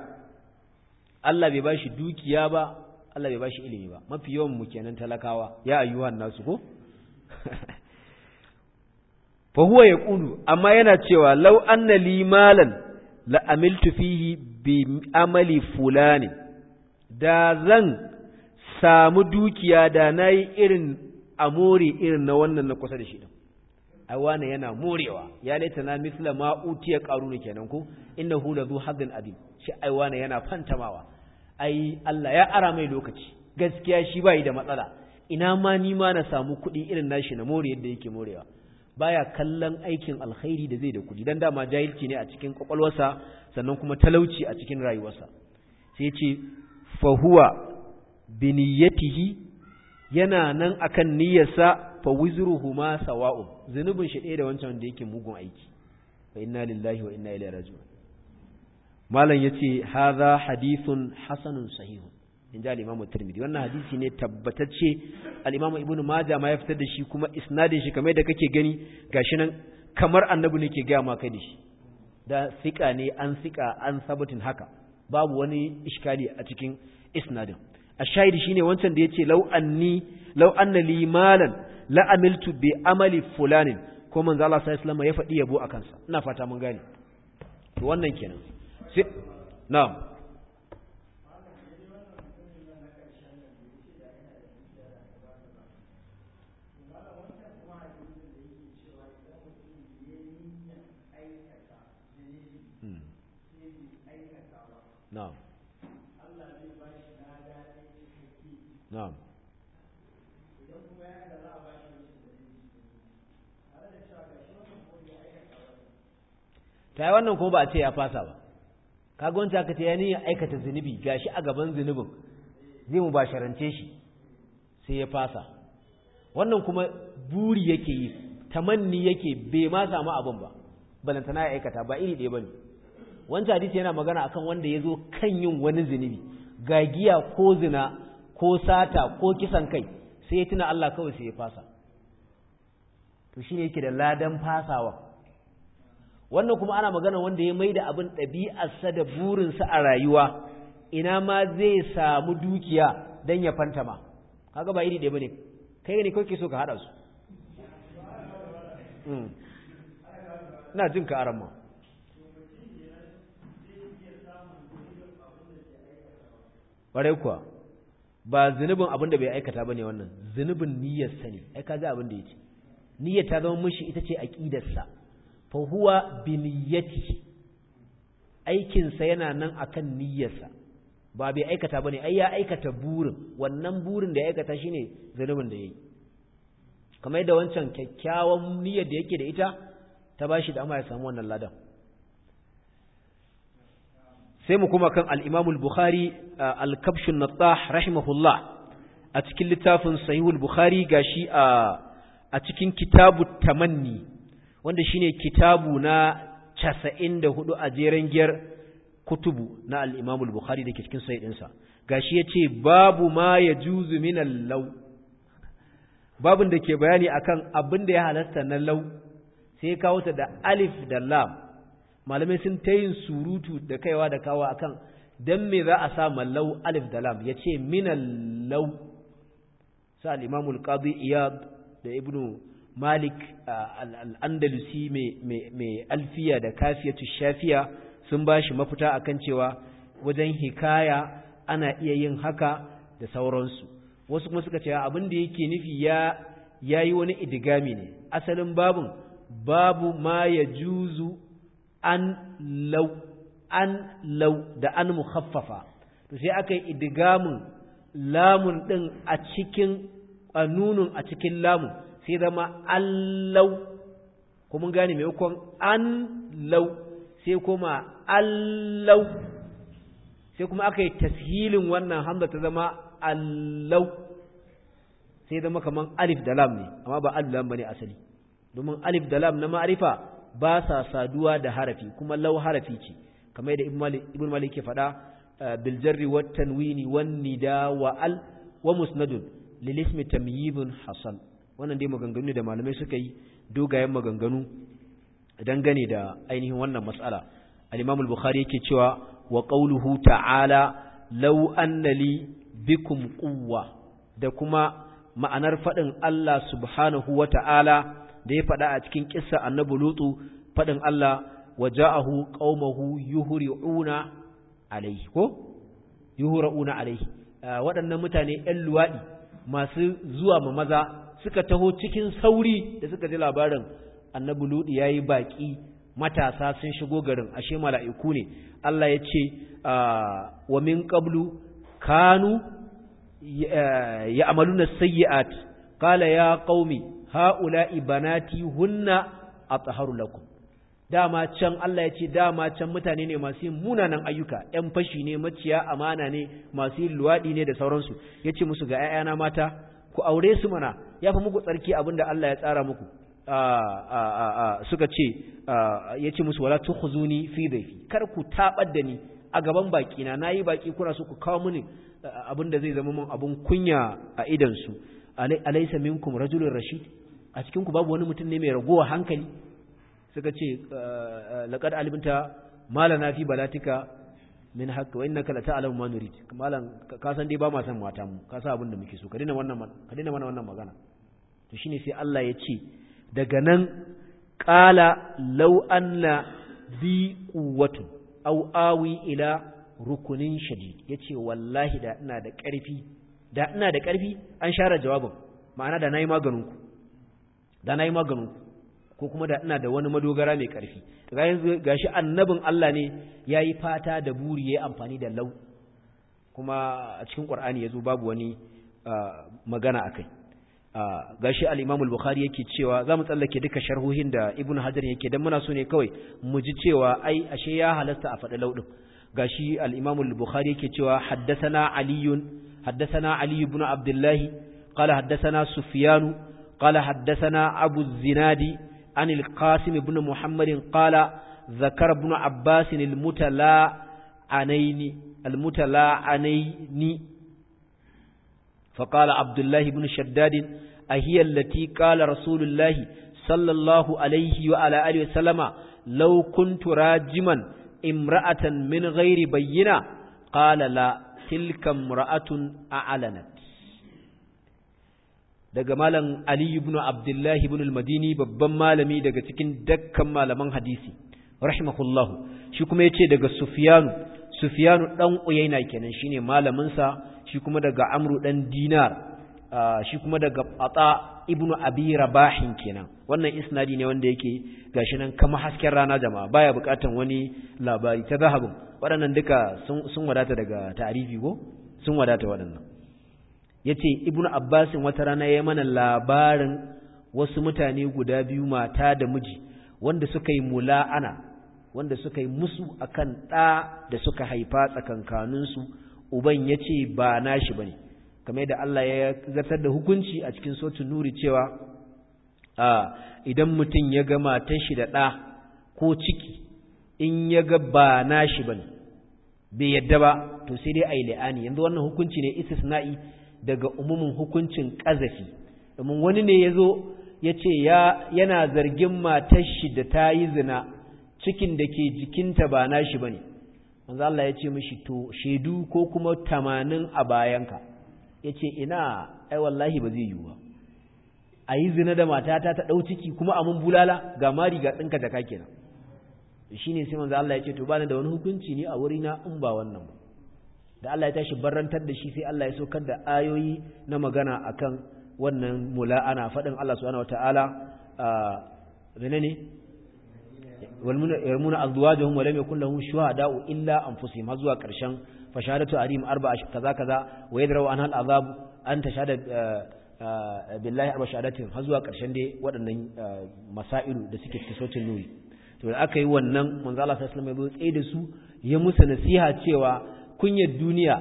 Allah bai bashi dukiya ba Allah bai bashi ilimi ba mafi yawan mu kenan talakawa ya ayyuhan nasu ko fa huwa yaqulu amma yana cewa law anna li malan la amiltu fihi bi amali fulani da zan samu dukiya da nayi irin a more irin na wannan na kusa da shi din ai wani yana morewa ya laita na misla ma utiya qaruna kenan ko inna na zu hadin abin shi ai wani yana fantamawa ai Allah ya ara mai lokaci gaskiya shi bai da matsala ina ma ni ma na samu kuɗi irin nashi na more yadda yake morewa baya kallon aikin alkhairi da zai da kudi dan dama jahilci ne a cikin kwakwalwarsa sannan kuma talauci a cikin rayuwarsa sai ce fa huwa biniyatihi yana nan akan niyyarsa fa ma sawa'u zunubin shi ɗaya da wancan wanda yake mugun aiki fa inna lillahi wa inna ilaihi raji'un malam yace hadha hadithun hasanun sahihun in ji at-tirmidhi wannan hadisi ne tabbatacce al-imam ibnu maja ma ya fitar da shi kuma isnadin shi kamar da kake gani gashi nan kamar annabi ne ke gaya ma kai da shi da sika ne an sika an sabatin haka babu wani iskali a cikin isnadin ashahidi shine wancan da yace law anni law anna li malan la amiltu bi amali fulanin ko manzo Allah sallallahu alaihi wasallam ya faɗi yabo akan sa ina fata mun gane to wannan kenan sai na'am Na'am na'am kuma ta yi wannan ko ba a ce ya fasa ba kaga wancan aka ce ya ni aikata zunubi shi a gaban zunubin zai mu basharance shi sai ya fasa wannan kuma buri yake yi tamanni yake bai ma samu abin ba balantana ya aikata ba iri ɗaya ba ne. wancan hadisi yana magana akan wanda ya zo kan yin wani zunubi gagiya ko zina ko sata ko kisan kai sai ya tuna Allah kawai sai ya fasa to shi ne yake da ladan fasawa wannan kuma ana magana wanda ya maida da abin ɗabi'arsa da burinsa a rayuwa ina ma zai samu dukiya don ya fantama kaga ba iri ɗaya bane kai ne kawai ke so ka haɗa su hmm. na jin ka aran ma ƙwarai kuwa ba zunubin abin da bai aikata ba ne wannan zunubin niyyarsa ne ai kaga abin da yake niyyar ta zama mishi ita ce aqidarsa fa huwa bi niyyati aikin yana nan akan niyyarsa ba bai aikata ba ne. ai ya aikata burin wannan burin da ya aikata shine zunubin da yi. kamar da wancan kyakkyawan niyyar da yake da ita ta bashi da amma ya samu wannan ladan sai mu kuma kan al'imamu al-Bukhari al-Kabsh nattah rahimahullah a cikin littafin Sahih bukhari gashi a cikin kitabu tamanni wanda shine kitabu na da hudu a jeren giyar kutubu na al'imamu al-Bukhari dake cikin sahih Gashi gashi yace babu ma yajuzu min al babin da ke bayani akan abin da ya halasta na lau sai kawo ta da alif da lam malamai sun ta yin surutu da kaiwa da kawa akan dan me za a sa mallau alif da lam yace minallau sa al-imam qadi iyad da ibnu malik al-andalusi mai alfiya da kafiyatu shafiya sun bashi mafita akan cewa wajen hikaya ana iya yin haka da sauransu wasu kuma suka ce abin da yake nufi ya yayi wani idigami ne asalin babun babu ma ya juzu an law an law da an mukhaffafa to sai aka yi idgamun lamun din a cikin nunun a cikin lamun sai zama allau ko mun gane maimakon an lau sai kuma lau sai kuma aka yi tashilin wannan hamza ta zama lau sai zama kaman alif da lam ne amma ba alif da lam bane asali domin alif da lam na ma'arifa. ba sa saduwa da harafi kuma lau harafi ce kamar yadda ibn malik ke faɗa ah, bil jarri wat tanwini wan nida wa al wa musnadun lil ismi tamyibun hasal wannan dai maganganu da malamai suka yi dogayen maganganu dangane da ainihin wannan matsala al-imam al-bukhari yake cewa wa qawluhu ta'ala law anna li bikum quwwa da kuma ma'anar faɗin Allah subhanahu wa ta'ala da ya faɗa a cikin kissa annabi lutu faɗin Allah ja'ahu qaumahu yuhri'una alayhi ko yuhrauna alayhi waɗannan mutane ƴan luwaɗi masu zuwa ma maza suka taho cikin sauri da suka ji labarin annabi lutu yayi baki matasa sun shigo garin ashe mala'iku ne Allah ya ce wa min qablu kanu ya'maluna sayyi'at qala ya qaumi ha'ula'i banati hunna a tsaharu lakum dama can Allah ya ce dama can mutane ne masu yin munanan ayyuka ‘yan fashi ne maciya amana ne masu yin luwaɗi ne da sauransu ya ce musu ga ‘ya'yana mata ku aure su mana ya fi muku tsarki abin da Allah ya tsara muku suka ce ya ce musu wala tukhuzuni fi dayfi kar ku taɓar da ni a gaban baki na nayi baki kuna so ku kawo mini abin da zai zama mun abun kunya a idan su alaysa minkum rajulun rashid a cikin ku babu wani mutum ne mai ragowa hankali suka ce laqad alimta na fi balatika min haka wa innaka la ma nurid malan ka san dai ba ma san mata mu ka san abin da muke so ka dina wannan ka dina mana wannan magana to shine sai Allah ya ce daga nan qala law anna bi aw awi ila rukunin shadid yace wallahi da ina da ƙarfi da ina da ƙarfi an share jawabin ma'ana da nayi maganin ku da na yi maganu ko kuma da ina da wani madogara mai ƙarfi ga shi annabin Allah ne ya yi fata da buri ya yi amfani da lau kuma a cikin ƙwar'ani ya zo babu wani magana a kai Ga shi al'imamul bukhari yake cewa za mu tsallake duka sharhohin da ibn hajar yake don muna so ne kawai mu ji cewa ai ashe ya halasta a faɗi lauɗin shi al'imamul bukhari yake cewa haddasana aliyun haddasana aliyu ibn abdullahi qala haddasana Sufiyanu. قال حدثنا أبو الزناد عن القاسم بن محمد قال ذكر ابن عباس المتلا عنين المتلا عنين فقال عبد الله بن شداد أهي التي قال رسول الله صلى الله عليه وعلى آله وسلم لو كنت راجما امرأة من غير بينة قال لا تلك امرأة أعلنت daga malam Ali ibn Abdullah ibn al-Madini babban malami daga cikin dakkan malaman hadisi rahimahullah shi kuma yace daga Sufyan Sufyan dan Uyayna kenan shine malamin sa shi kuma daga Amru dan Dinar shi kuma daga Ata ibn Abi Rabah kenan wannan isnadi ne wanda yake gashi nan kamar hasken rana jama'a baya bukatan wani labari ta zahabin waɗannan duka sun wadata daga ta'arifi go sun wadata waɗannan yace ibnu abbasin wata rana ya mana labarin wasu mutane guda biyu mata da miji wanda suka yi mula'ana wanda suka yi musu akan ɗa da suka haifa tsakankaninsu uban ya ce ba nashi ba ne kamar yadda Allah ya zartar da hukunci a cikin sautin nuri cewa idan mutum ya ga matan shi da ɗa ko ciki in ya ga ba nashi ba ne bai yadda ba to sai dai a yi la'ani yanzu wannan hukunci ne istisna'i daga umumin hukuncin ƙazafi domin wani ne ya zo ya ce yana zargin matar shi da ta yi zina cikin da ke jikinta ba na shi ba ne wanzu Allah ya ce mashi to shaidu ko kuma tamanin a bayanka ya ce ina ai wallahi ba zai yiwu ba a yi zina da matata ta ɗau ciki kuma a mun bulala ga mari ga ɗinka jaka kenan shi ne sai manzo Allah ya ce to bani da wani hukunci ne a wurina in ba wannan ba da Allah ya tashi barantar da shi sai Allah ya saukar da ayoyi na magana akan wannan mula'ana faɗin Allah subhanahu wata'ala menene yarmuna azwajuhum wa lam yakul lahum shuhada'u illa anfusihim har zuwa ƙarshen fashadatu arim arba kaza kaza wa yadrawu anhal azab an tashada billahi arba shahadatin har zuwa karshen dai waɗannan masailu da suke cikin sautin nuri to da aka yi wannan manzo Allah sallallahu alaihi wasallam ya tsaye da su ya musa nasiha cewa kunyar duniya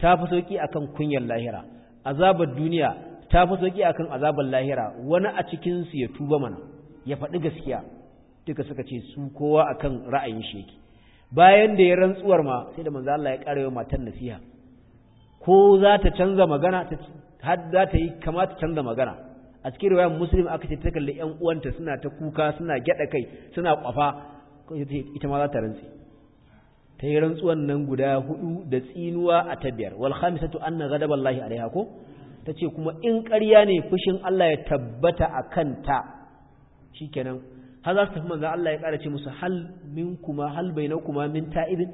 ta fi sauki kan kunyar lahira azabar duniya ta fi sauki kan azabar lahira wani a cikinsu ya tuba mana ya faɗi gaskiya duka suka ce su kowa kan ra'ayin sheki. bayan da ya rantsuwar ma sai da manzo Allah ya ƙara matan nasiha ko za ta canza magana har za ta yi kama ta canza magana a cikin riwayar muslim aka ce ta kalli yan uwanta suna ta kuka suna gyaɗa kai suna ƙwafa. ita ma za ta rantsi ta yi rantsuwan nan guda hudu da tsinuwa a ta biyar wal khamisatu anna ghadaballahi alaiha ko tace kuma in ƙarya ne fushin Allah ya tabbata akan ta shikenan har za su tafi manzo Allah ya ƙara ce musu hal minkuma hal bainakuma min ta'ibin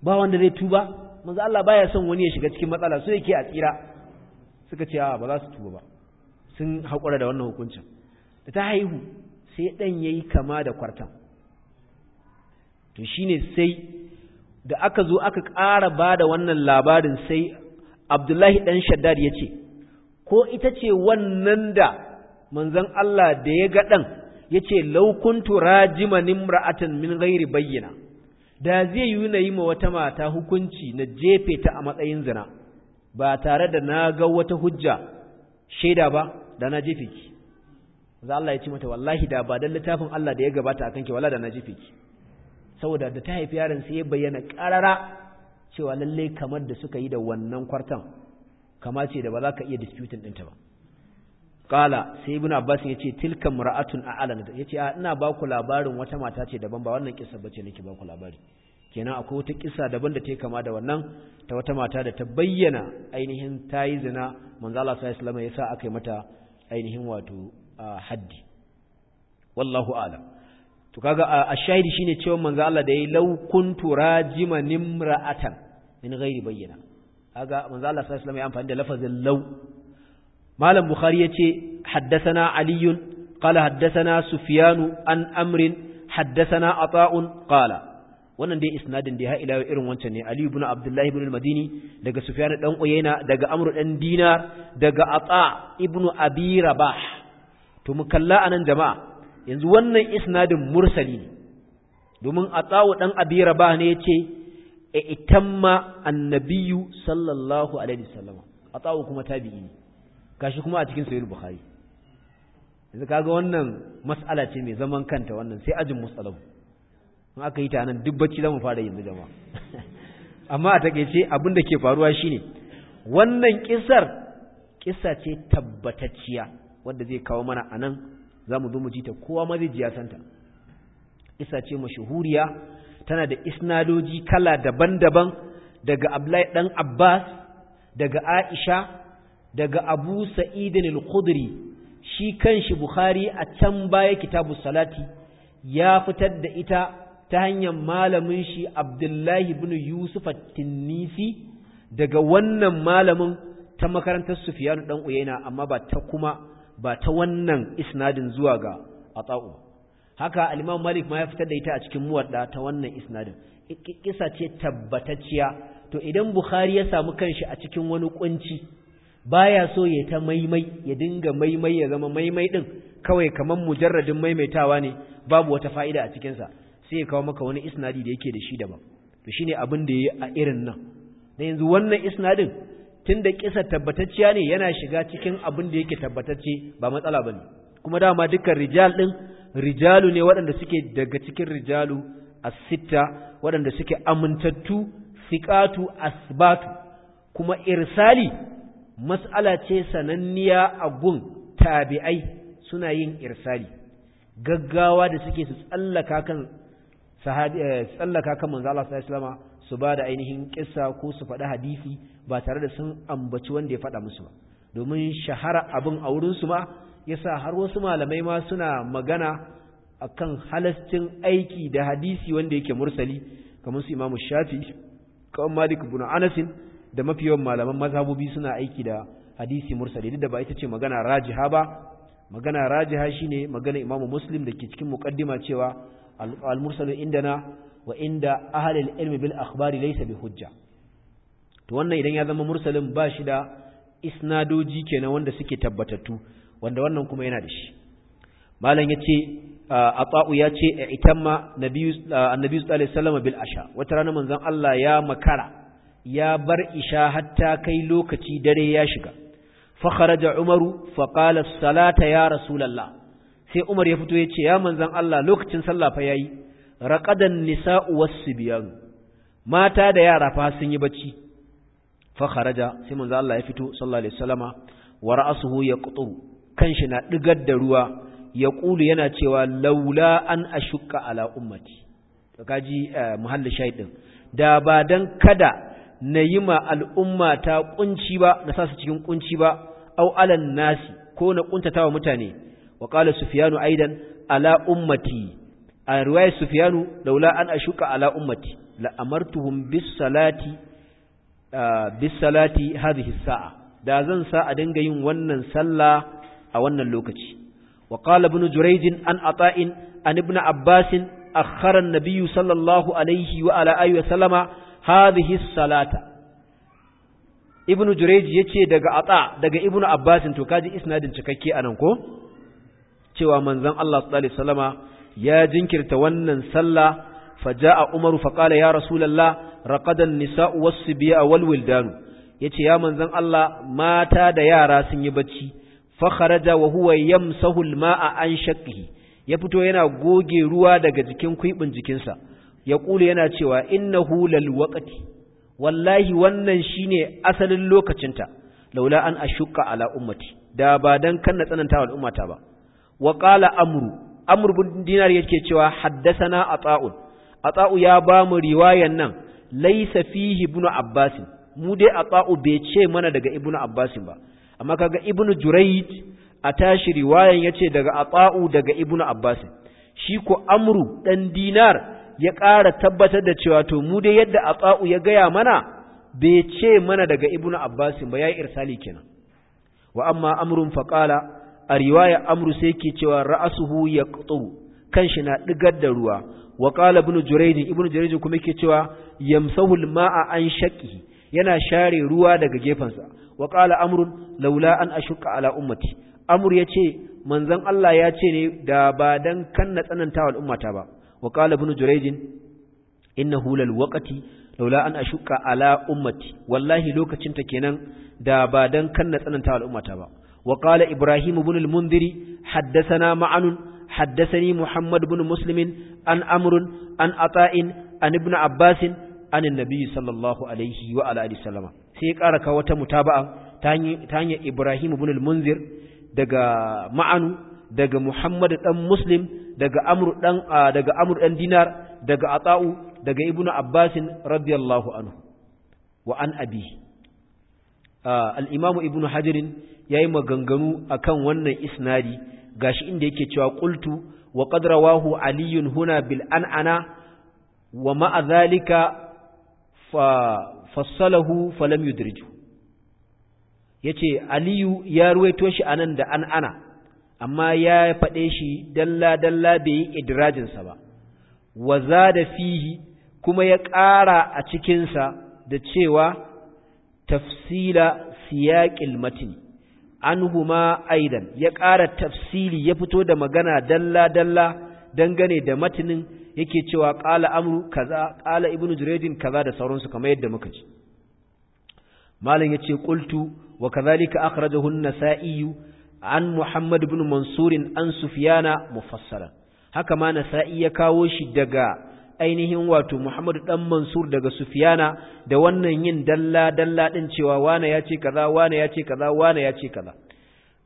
ba wanda zai tuba manzo Allah baya son wani ya shiga cikin matsala so yake a tsira suka ce a ba za su tuba ba sun haƙura da wannan hukuncin da ta haihu sai ɗan yayi kama da kwartan to shine sai da aka zo aka ƙara ba da wannan labarin sai abdullahi ɗan shaddad ya ce ko ita ce wannan da manzan Allah da ya ga ɗan ya ce laukuntu rajimanin ra'atan min gairi bayyana da zai yi na yi ma wata mata hukunci na jefe ta a matsayin zina ba tare da na ga wata hujja shaida ba da na jefe ki za Allah ya ce mata wallahi da ba dan littafin Allah da ya gabata akan ki wallahi da na jefe ki saboda da ta haifi yaron sai ya bayyana karara cewa lalle kamar da suka yi da wannan kwartan kama ce da ba za ka iya disputing ɗinta ba Kala sai ibn abbas ya ce mura'atun mar'atun a'lan ya ce ah, ina ba labarin wata mata ce daban ba wannan ba bace nake ba ku labari kenan akwai wata kisa daban da ta kama da wannan ta wata mata da ta bayyana ainihin ta yi zina manzo Allah sallallahu alaihi wasallam ya sa aka yi mata ainihin wato ah, haddi wallahu a'lam to kaga a shahidi shine cewa manzo Allah da yayi law kuntu rajima nimra'atan min ghairi bayyana kaga manzo Allah sallallahu alaihi wasallam ya amfani da lafazin law malam bukhari yace haddathana ali qala haddathana sufyan an amrin haddathana ata'un qala wannan dai isnadin da ha ila irin wancan ne Ali ibn Abdullah ibn al-Madini daga Sufyan dan Uyayna daga Amr dan Dinar daga Ata ibn Abi Rabah to mu kalla anan jama'a yanzu wannan isnadin mursali ne domin a tsawo ɗan abi raba ne ya ce e itamma annabiyu sallallahu alaihi wasallam a tsawo kuma tabi'i ne gashi kuma a cikin sahih bukhari yanzu kaga wannan mas'ala ce mai zaman kanta wannan sai ajin musalamu in aka yi ta nan duk bacci zamu fara yanzu jama'a amma a takeice abin da ke faruwa shine wannan kisar, kisa ce tabbatacciya wanda zai kawo mana anan za mu zo mu ji ta kowa ma ji ya santa isa ce mashuhuriya tana da isnadoji kala daban-daban daga Abdullahi dan Abbas daga Aisha daga Abu Sa'id al-Khudri shi kanshi Bukhari a can baya kitabu salati ya fitar da ita ta hanyar malamin shi Abdullahi ibn Yusuf at-Tinnisi daga wannan malamin ta makarantar Sufyan dan Uyaina amma ba ta kuma ba ta wannan isnadin zuwa ga ata'u haka al Malik ma ya fitar da ita a cikin muwadda ta wannan isnadin Ƙisa ce tabbatacciya to idan Bukhari ya samu kanshi a cikin wani kunci baya so ya ta maimai ya dinga maimai ya zama maimai din kawai kaman mujarradin maimaitawa ne babu wata fa'ida a cikinsa, sai ya kawo maka wani isnadi da yake da shi daban to shine abin da ya yi a irin nan da yanzu wannan isnadin Tun da kisa tabbatacciya ne yana shiga cikin abin da yake tabbatacce ba matsala bane kuma dama dukkan rijal ɗin rijalu ne waɗanda suke daga cikin rijalu a sitta waɗanda suke amintattu sikatu asbatu kuma irsali matsala ce sananniya a gun tabi'ai suna yin irsali gaggawa da suke su tsallaka kan eh, tsallaka kan manzo su ba da ainihin kissa ko su faɗi hadisi ba tare da sun ambaci wanda ya faɗa musu ba domin shahara abin a wurinsu ma yasa har wasu malamai ma suna magana akan halastin aiki da hadisi wanda yake mursali kamar su imamu shafi kawai malik ibn anasin da mafi yawan malaman mazhabobi suna aiki da hadisi mursali duk da ba ita ce magana rajiha ba magana rajiha shine magana imamu muslim da ke cikin muqaddima cewa al-mursalu indana wainda ahalin ilmi bil akhbari laysa bi hujja to wannan idan ya zama mursalin ba shi da isnadoji kenan wanda suke tabbatattu wanda wannan kuma yana da shi malam yace ata'u yace itamma nabiyyu annabi sallallahu alaihi wasallam bil asha wata rana manzon Allah ya makara ya bar isha hatta kai lokaci dare ya shiga fa kharaja umaru fa qala as-salata ya rasulullah sai umar ya fito yace ya manzon Allah lokacin sallah fa yayi raqadan nisa'u was-sibyan mata da yara fa sun yi bacci fa kharaja sai manzo Allah ya fito sallallahu alaihi wasallama wa ra'suhu yaqtu kanshi na digar da ruwa yaqulu yana cewa laula an ashukka ala ummati to kaji eh, muhallin shaidin da ba dan kada na yi ma al'umma ta kunci ba na sa cikin kunci ba au alan nasi ko na kuntatawa mutane wa qala sufyanu aidan ala ummati a riwayar sufiyanu laula an a shuka ala ummati la'amartuhun amartuhum bis salati bis salati hadhihi sa'a da zan sa a dinga yin wannan sallah a wannan lokaci wa qala ibn jurayj an ata'in an ibn abbas akhara an-nabiy sallallahu alayhi wa ala alihi wa sallama hadhihi salata ibn jurayj yace daga ata daga ibn abbas to kaji isnadin cikakke anan ko cewa manzon Allah sallallahu alaihi wasallama ya jinkirta wannan sallah fa Umar umaru faqala ya rasulullah raqadan nisa'u was-sibya wal wildan yace ya manzon Allah mata da yara sun yi bacci fa kharaja wa huwa yamsahu al-ma'a an shaqqihi ya fito yana goge ruwa daga jikin kuibin jikinsa ya kula yana cewa innahu lal waqti wallahi wannan shine asalin lokacinta laula an ashqa ala ummati da ba dan kan na tsananta al'ummata ba wa qala amru amr bin dinar yake cewa haddathana ata'un ata'u ya ba mu riwayan nan laysa fihi ibn abbas mu dai ata'u bai ce mana daga ibnu abbas ba amma kaga ibnu jurayd a tashi riwayan yace daga ata'u daga ibnu abbas shi ko amru dan dinar ya ƙara tabbatar da cewa to mu dai yadda ata'u ya gaya mana bai ce mana daga ibnu abbas ba yayi irsali kenan wa amma amrun faqala a riwaya amru sai ke cewa ra'asuhu ya kan shi na digar da ruwa wa ƙala ibnu jureji ibnu jureji kuma ke cewa yamsahu al-ma'a an shaqi yana share ruwa daga gefensa wa ƙala amru laula an ashqa ala ummati ya ce manzon Allah ya ce ne da ba dan kan na wa al'ummata ba wa qala ibnu in innahu lal waqti laula an ashqa ala ummati wallahi lokacin ta kenan da ba dan kan na wa al'ummata ba وقال إبراهيم بن المنذر حدثنا معن حدثني محمد بن مسلم عن أمر عن عطاء عن ابن عباس عن النبي صلى الله عليه وعلى آله وسلم سيقارك وتمتابعة تاني إبراهيم بن المنذر دقى معن daga Muhammad dan Muslim daga Amr dan daga Amr dan Dinar daga Ata'u daga Ibnu Abbasin radiyallahu anhu wa an abi al-imamu ibnu hajarin yi maganganu akan wannan isnadi gashi inda yake cewa qultu wa ƙadrawahu aliyun huna bil an'ana wa ma'azalika fa fassalahu falam yace aliyu ya ruwaito shi anan da an'ana amma ya faɗe shi dalla dalla bai yi idrajin ba wa zada fihi kuma ya ƙara a cikinsa da cewa tafsila siyaƙil matin anhuma aidan ya ƙara tafsili ya fito da magana dalla-dalla dangane da matinin yake cewa ƙala amru kaza ƙala ibnu jurejin kaza da sauransu kamar yadda muka ji malam ya ce ƙultu wa kazalika akhrajahu an-nasa'i an muhammad ibn mansurin an sufyana mufassalan haka ma nasa'i ya kawo shi daga ainihin wato Muhammadu ɗan Mansur daga Sufiyana da wannan yin dalla dalla din cewa wane ya ce kaza wane ya ce kaza wane ya ce kaza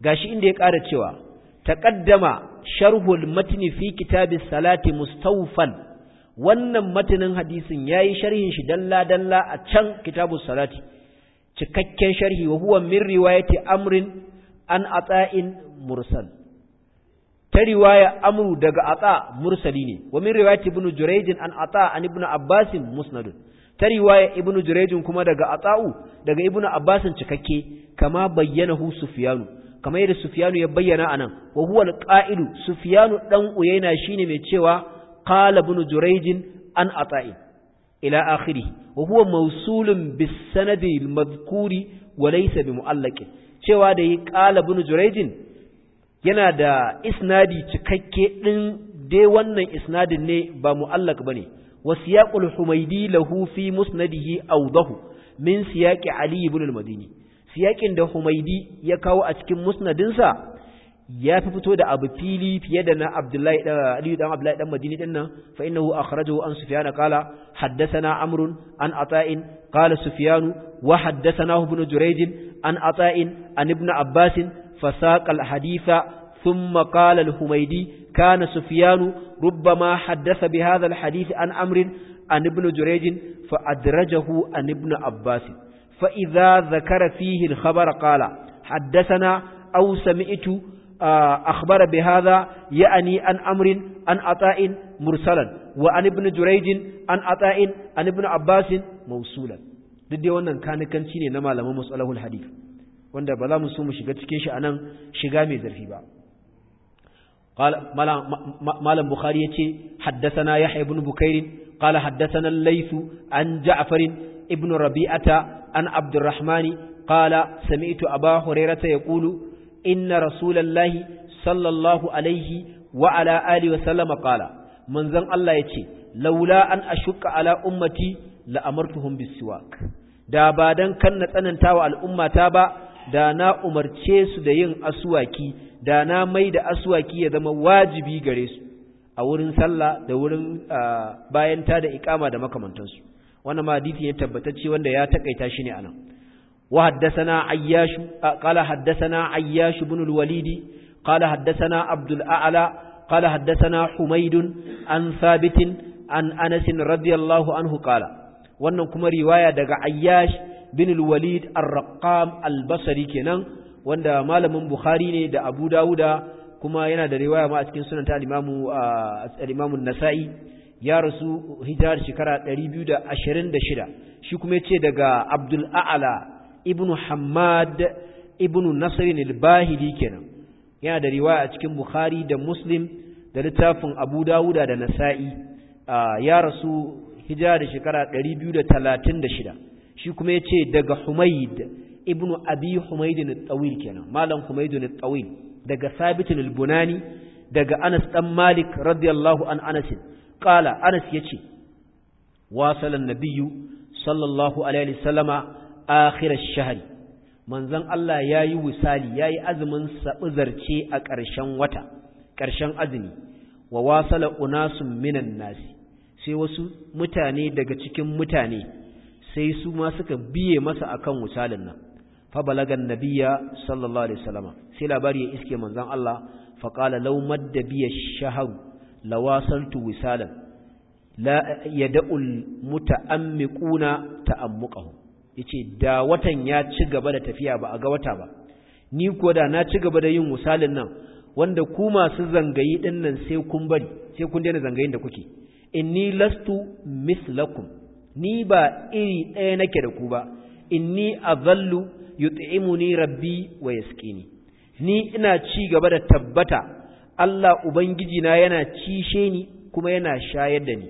gashi inda ya ƙara cewa taqaddama sharhul matni fi kitabis salati mustawfan wannan matanin hadisin yayi sharhin shi dalla dalla a can kitabus salati cikakken sharhi wa huwa min riwayati amrin an ata'in mursal ta riwaya amru daga ata mursali ne wa min riwayat ibn jurayj an ata an ibn abbas musnad ta riwaya ibn jurayj kuma daga ata'u daga ibn abbas cikakke kama bayyanahu sufyanu kama yadda sufyanu ya bayyana anan wa huwa alqa'ilu sufyanu dan uyaina shine mai cewa qala ibn jurayj an ata'i ila akhirih wa huwa mawsulun bis sanadi al madhkuri wa laysa bi mu'allaqin cewa da yi qala ibn jurayj yana da isnadi cikakke ɗin dai wannan isnadin ne ba mu'allak ba ne wa siyaqul humaidi lahufi fi musnadihi audahu min siyaƙi ali ibn al-madini siyaƙin da humaidi ya kawo a cikin musnadinsa ya fi fito da abu fili fiye da na Abdullahi Aliyu dan Abdullahi dan Madini din nan fa innahu akhrajahu an Sufyan qala haddathana Amr an Ata'in qala Sufyan wa haddathana Ibn Jurayd an Ata'in an Ibn abbasin. فساق الحديث ثم قال الهميدي كان سفيان ربما حدث بهذا الحديث عن أمر عن ابن جريج فأدرجه عن ابن عباس فإذا ذكر فيه الخبر قال حدثنا أو سمعت أخبر بهذا يعني عن أمر عن عطاء مرسلا وعن ابن جريج عن عطاء عن ابن عباس موصولا duk dai wannan kanikanci ne na malaman masalahul hadith wanda ba za mu so mu shiga cikin shi anan shiga mai zarfi ba malam bukhari yace haddasana yahya ibn bukair qala haddathana al-layth an ja'afarin ibn rabi'ata an Abdurrahmani, qala sami'tu aba hurairata kulu inna rasulallahi sallallahu alaihi wa ala wa sallama qala manzon Allah yace laula an ashuka ala ummati la amartuhum da ba dan kan na tsanantawa al'ummata ba da na umarce su da yin asuwaki da na mai da aswaki ya zama wajibi gare su a wurin sallah da wurin bayan ta da ikama da makamantansu wannan ma hadisi ne tabbatacce wanda ya takaita shi ne anan wa haddathana ayyash qala haddathana ayyash ibn al-walid qala haddathana abdul a'la qala haddathana humayd an thabit an anas radiyallahu anhu qala wannan kuma riwaya daga ayyash bin al-walid ar-raqqam al-basri kenan wanda malamin bukhari ne da abu dauda kuma yana da riwaya ma a cikin sunan ta al-imamu ah, al-imamu an-nasa'i ya rasu hijar shekara 226 shi kuma yace daga abdul a'la ibnu hammad ibnu nasr al-bahili kenan yana da riwaya a cikin bukhari da muslim da littafin abu dauda da nasa'i ah, ya rasu hijar da shekara 236 shi kuma ya ce daga humaid Ibn abi humaidin tawil kenan malam humaidin tawil daga sabitin al-bunani daga anas dan malik radiyallahu an anas qala anas yace wasala nabiyyu sallallahu alaihi wasallama akhir ash-shahr manzon Allah yayi wisali yayi azumin zarce a ƙarshen wata ƙarshen azumi wa wasala unasun minan nasi sai wasu mutane daga cikin mutane sai su ma suka biye masa akan wusalin nan fa balagan nabiyya sallallahu alaihi wasallam sai labari ya iske manzon Allah fa qala law madda biya shahru lawasaltu wisalan la yad'ul muta'ammiquna ta'ammuqahu yace da watan ya ci gaba da tafiya ba a ga wata ba ni ko da na ci gaba da yin wusalin nan wanda ku masu zangayi dinnan sai kun bari sai kun daina zangayin da kuke inni lastu mislakum ni ba iri ɗaya nake da ku ba inni azallu yut'imuni rabbi wa yasqini ni ina ci gaba da tabbata Allah ubangiji na yana cishe ni kuma yana shayar da ni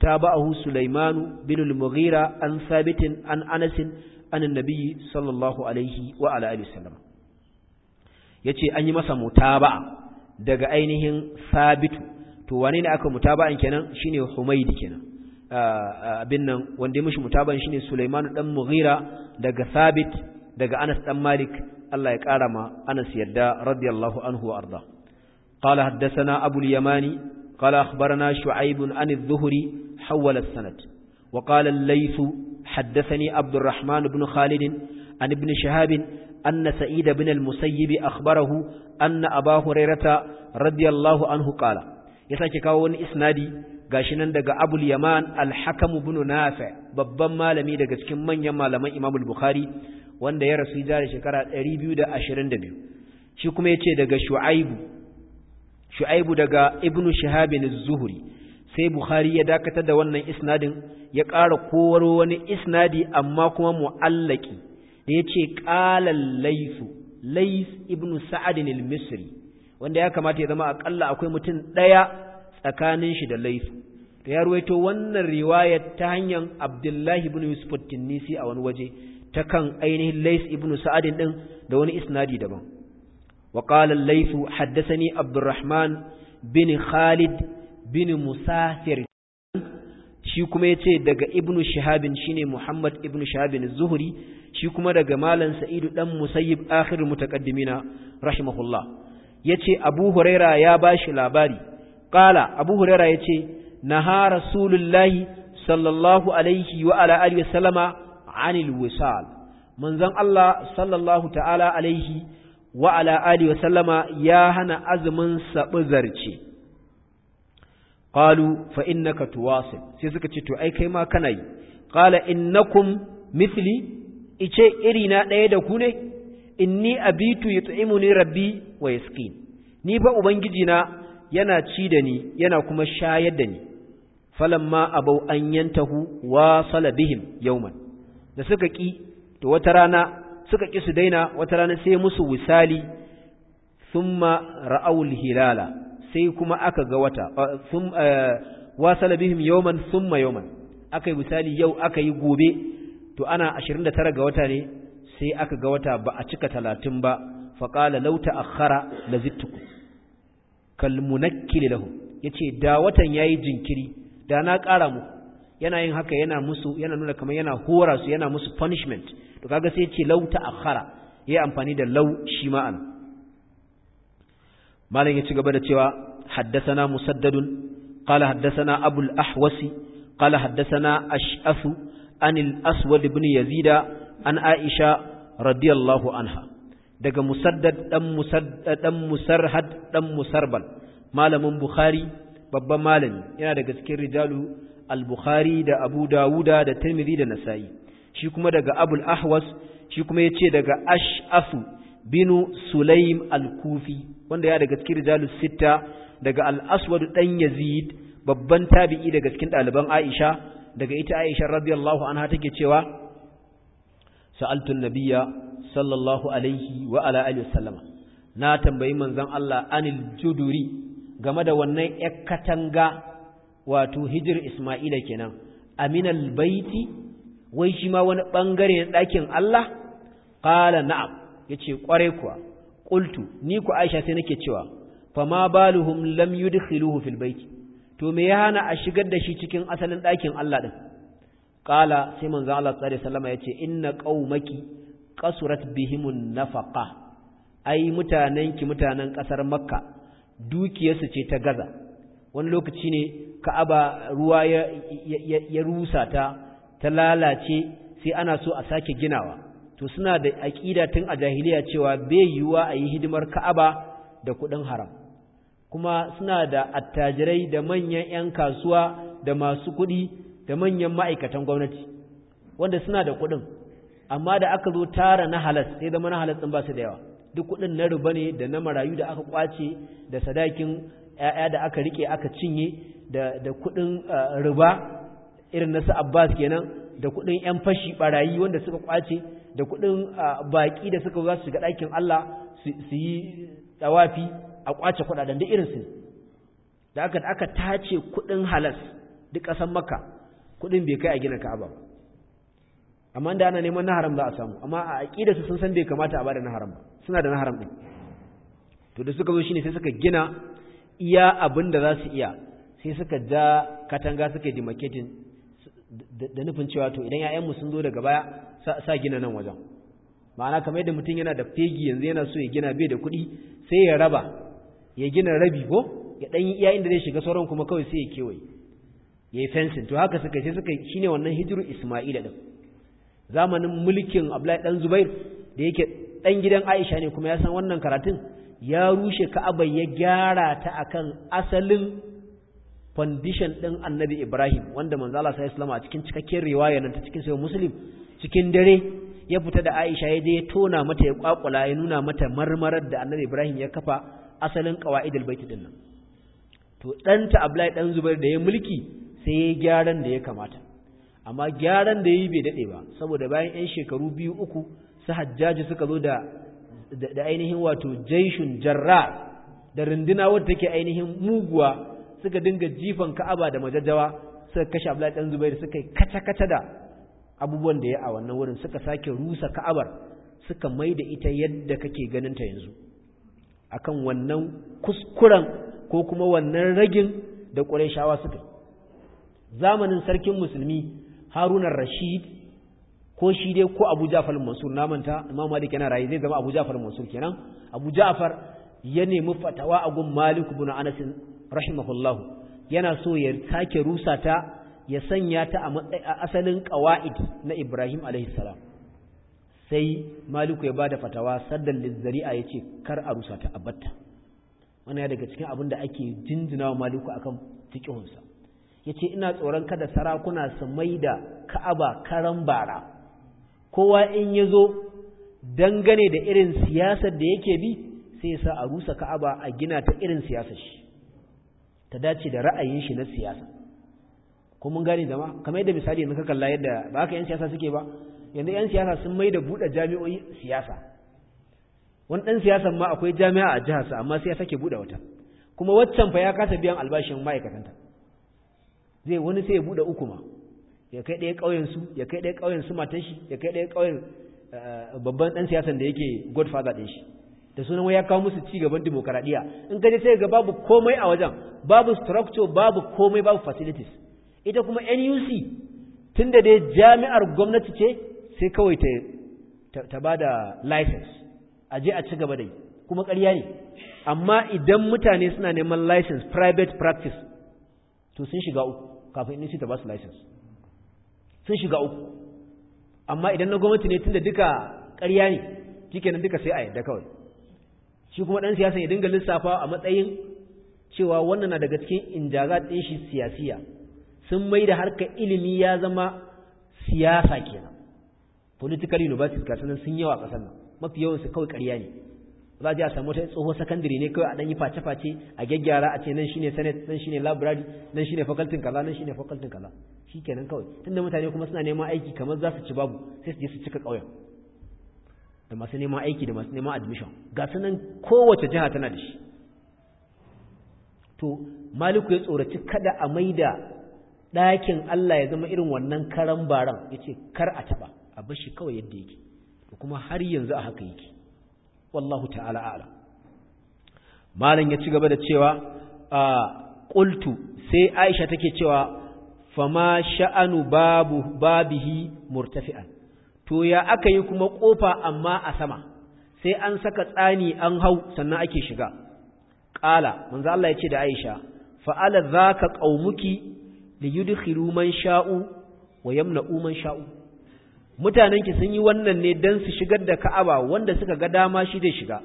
tabahu sulaimanu bin al-mughira an sabitin an anas an annabi sallallahu alaihi wa ala alihi sallam yace an yi masa mutaba daga ainihin sabitu to wane ne aka mutaba'an kenan shine humaidi kenan abin nan wanda ya mishi mutaban shine Sulaiman dan Mughira daga Thabit daga Anas dan Malik Allah ya kara ma Anas yadda radiyallahu anhu wa arda قال حدثنا أبو اليماني قال أخبرنا شعيب عن الظهري حول السند وقال الليث حدثني عبد الرحمن بن خالد عن ابن شهاب أن سعيد بن المسيب أخبره أن أبا هريرة رضي الله عنه قال يساك كاون إسنادي gashi nan daga abul yaman al-hakam ibn nafi babban malami daga cikin manyan malaman imam al-bukhari wanda ya rasu da shekara 222 shi kuma yace daga shu'aibu shu'aibu daga ibnu shihab az-zuhri sai bukhari ya dakatar da wannan isnadin ya ƙara kowar wani isnadi amma kuma mu'allaki da yace ƙalar laysu lais ibnu sa'd al-misri wanda ya kamata ya zama akalla akwai mutum ɗaya. tsakanin shi da laifu to ya ruwaito wannan riwaya ta hanyar abdullahi ibn yusuf tinnisi a wani waje ta kan ainihin lais ibn sa'adin din da wani isnadi daban wa qala laifu haddathani abdurrahman bin khalid bin musafir shi kuma yace daga ibn shihabin shine muhammad ibn shihabin zuhri shi kuma daga Malam sa'idu dan musayyib akhirul mutaqaddimina rahimahullah yace abu huraira ya bashi labari qala abu huraira yace naha rasulullahi sallallahu alaihi wa ala alihi wa sallama anil wisal manzon Allah sallallahu ta'ala alaihi wa ala alihi wa sallama ya hana azumin sabu zarce qalu fa innaka tuwasil sai suka ce to ai kai ma kana yi qala innakum mithli ice iri na ɗaya da ku ne inni abitu yut'imuni rabbi wa yasqin ni ba ubangiji na yana ci da ni yana kuma shayar da ni falamma abau an yantahu wa salabihim yawman da suka ki to wata rana suka ki su daina wata rana sai musu wisali thumma ra'awul hilala sai kuma aka ga wata wa salabihim yawman thumma yawman akai wisali yau aka yi gobe to ana 29 ga wata ne sai aka ga wata ba a cika 30 ba faqala law ta'akhkhara lazittukum kalmunakkil lahu ce da watan yayi jinkiri da na ƙara mu yana yin haka yana musu yana nuna kamar yana hora su yana musu punishment to kaga sai yace law ta'akhara yayi amfani da lau shi ma'an. malam ya ci gaba da cewa haddathana musaddadun qala haddathana abul ahwasi qala haddathana ash'afu an aswad ibn yazida an aisha radiyallahu anha daga musaddad dan musaddad dan musarhad dan musarbal malamin bukhari babban malami yana daga cikin rijalu al-bukhari da abu dawuda da tirmidhi da nasa'i shi kuma daga abul ahwas shi kuma yace daga ash'afu bin sulaim al-kufi wanda ya daga cikin rijalu sita daga al-aswad dan yazid babban tabi'i daga cikin ɗaliban aisha daga ita aisha radiyallahu anha take cewa sa'altu an-nabiyya sallallahu alaihi wa ala alihi sallama na tambayi manzon Allah anil juduri game da wannan ƴar katanga wato hijir Isma'ila kenan aminal baiti wai shi ma wani bangare na ɗakin Allah qala na'am yace kware kuwa qultu ni ku Aisha sai nake cewa fama baluhum lam yudkhiluhu fil baiti to me ya hana a shigar da shi cikin asalin ɗakin Allah din qala sai manzon Allah sallallahu alaihi wasallama yace inna qaumaki kasurat bihimun nafaqa ai mutanen ki mutanen kasar makka dukiyarsu ce ta gaza wani lokaci ne ka'aba ruwa ya, ya, rusa ta ta lalace sai ana so a sake ginawa to suna da aqida tun a jahiliya cewa bai yiwuwa a yi hidimar ka'aba da kuɗin haram kuma suna da attajirai da manyan 'yan kasuwa da masu kuɗi da manyan ma'aikatan gwamnati wanda suna da kuɗin amma da aka zo tara na halas sai zama na halas din ba su da yawa duk kuɗin na ruba ne da na marayu da aka kwace da sadakin ‘ya'ya da aka rike aka cinye da kuɗin eh, ruba irin na su abbas kenan da kuɗin ‘yan fashi barayi wanda suka kwace da kuɗin eh, baƙi da suka za su shiga ɗakin Allah su yi tsawafi a kwace kudaden da irin ne da aka tace kuɗin halas duk ƙasan Makka kuɗin bai kai a gina ka'aba ba amma da ana neman na haram za a samu amma a aqida su sun san bai kamata a bada na haram ba suna da na haram din to da suka zo shine sai suka gina iya abin da za su iya sai suka ja katanga suka yi marketing da nufin cewa to idan 'ya'yan mu sun zo daga baya sa gina nan wajen ma'ana kamar yadda mutum yana da fegi yanzu yana so ya gina bai da kuɗi sai ya raba ya gina rabi ko ya ɗan yi iya inda zai shiga sauran kuma kawai sai ya kewaye ya yi fencing to haka suka sai suka shine wannan hijiru isma'ila din zamanin mulkin Abdullahi dan Zubair da yake dan gidan Aisha ne kuma ya san wannan karatun ya rushe Ka'aba ya gyara ta akan asalin foundation din Annabi Ibrahim wanda manzo Allah sai sallama a cikin cikakken riwaya nan ta cikin sahih Muslim cikin dare ya fita da Aisha ya je ya tona mata ya kwakula ya nuna mata marmarar da Annabi Ibrahim ya kafa asalin qawaidul bait din nan to danta Abdullahi dan Zubair da ya mulki sai ya gyaran da ya kamata amma gyaran da yi bai daɗe ba saboda bayan 'yan shekaru biyu uku su hajjaji suka zo da ainihin wato jaishun jarra da runduna wadda take ainihin muguwa suka dinga jifan ka'aba da majajjawa suka kashe abdullahi dan zubairu suka yi kaca-kaca da abubuwan da ya a wannan wurin suka sake rusa ka'abar suka mai da ita yadda kake ganin ta yanzu akan wannan kuskuren ko kuma wannan ragin da ƙurayshawa suka zamanin sarkin musulmi harun rashid ko shi dai ko abu ja'far mansur na manta imam malik yana rayi zai zama abu ja'far mansur kenan abu ja'far ya nemi fatawa a gun malik ibn anas rahimahullah yana so ya sake rusa ta ya sanya ta a asalin qawaid na ibrahim alaihi salam sai maliku ya bada fatawa saddan lizzari'a yace kar a rusa ta abatta wannan ya daga cikin abin da ake jinjinawa maliku akan tikihunsa ya ce ina tsoron kada sarakuna su mai da ka'aba karan bara kowa in ya zo dangane da irin siyasar da yake bi sai sa a rusa ka'aba a gina ta irin siyasar shi ta dace da ra'ayin shi na siyasa ko mun zama kamar yadda misali na kakalla yadda ba haka yan siyasa suke ba yanzu yan siyasa sun mai da buɗe jami'o'i siyasa wani ɗan siyasan ma akwai jami'a a sa amma siyasa ke buɗe wata kuma waccan fa ya kasa biyan albashin ma'aikatanta zai wani sai ya buɗe uku ma ya kai ɗaya ƙauyen su ya kai ɗaya ƙauyen su matan shi ya kai ɗaya ƙauyen eh, babban ɗan siyasan da yake godfather ɗin shi da sunan wai ya kawo musu ci gaban demokaradiyya in ka je sai ga babu komai a wajen babu structure babu komai babu facilities ita kuma NUC tunda dai jami'ar gwamnati ce sai kawai ta ta da license a je a ci gaba da yi kuma ƙarya ne amma idan mutane suna neman license private practice to sun shiga uku kafin industry ta ba su license sun shiga uku amma idan na gwamnati ne tun da duka ƙarya ne shikenan duka sai a yadda kawai shi kuma ɗan siyasa ya dinga lissafa a matsayin cewa wannan na daga cikin injaza ɗin shi siyasiya sun mai da harkar ilimi ya zama siyasa kenan political university ka sanan sun yawa ƙasar nan mafi yawansu kawai karya ne za a je a samu wata tsoho sakandare ne kawai a ɗan face-face a gyaggyara a ce nan shine senate nan shine library nan shine faculty kaza nan shine faculty kaza shikenan kawai tunda mutane kuma suna neman aiki kamar za su ci babu sai su je su cika ƙauyen da masu neman aiki da masu neman admission ga nan kowace jiha tana da shi to maliku ya tsoraci kada a maida ɗakin Allah ya zama irin wannan karan baran ya ce kar a taɓa a bar shi kawai yadda yake kuma har yanzu a haka yake wallahu ta'ala a'lam malam ya ci gaba da cewa a qultu sai Aisha take cewa fama sha'anu babu babihi murtafi'an to ya aka yi kuma kofa amma a sama sai an saka tsani an hau sannan ake shiga qala manzo Allah ya ce da Aisha fa'ala zaka qaumuki liyudkhilu man sha'u wa yamna'u man sha'u mutanenki sun yi wannan ne don su shigar da ka'aba wanda suka ga dama shi zai shiga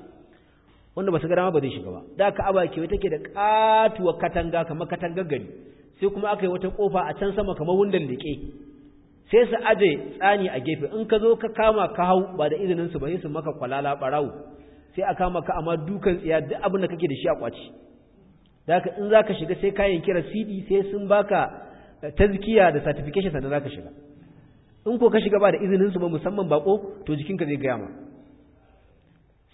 wanda ba su ga dama ba zai shiga ba da ka'aba ke take da katuwa katanga kamar katanga gari sai kuma aka yi wata kofa a can sama kamar wundan liƙe sai su aje tsani a gefe in ka zo ka kama ka hau ba da izinin su ba sai su maka kwalala barawo sai a kama ka amma dukan tsiya duk abin da kake da shi a kwaci zaka in zaka shiga sai kayan kira CD sai sun baka tazkiya da certification sannan zaka shiga in ko ka shiga ba da izinin su ba musamman bako to jikinka zai gaya ma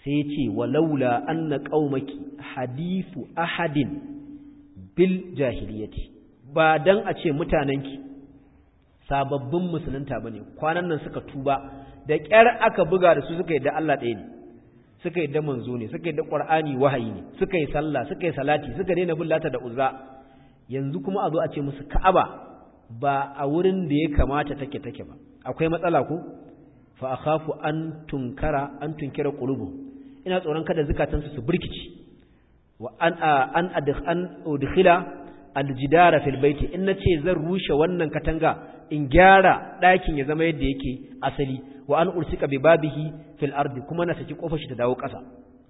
sai ce walaula anna qaumaki hadithu ahadin bil jahiliyati ba dan a ce mutanenki sababbin musulunta bane kwanan nan suka tuba da kyar aka buga da su suka yadda Allah ɗaya ne suka yadda manzo ne suka yadda Qur'ani wahayi ne suka yi sallah suka yi salati suka daina bullata da uzza yanzu kuma a zo a ce musu Ka'aba ba a wurin da ya kamata take take ba akwai matsala ko fa akhafu an tunkara an tunkira qulubu ina tsoron kada zakatan su burkici wa an an an udkhila aljidara fil baiti in nace zan rushe wannan katanga in gyara ɗakin ya zama yadda yake asali wa an ursika bi babihi fil ardi kuma na saki kofar shi ta dawo ƙasa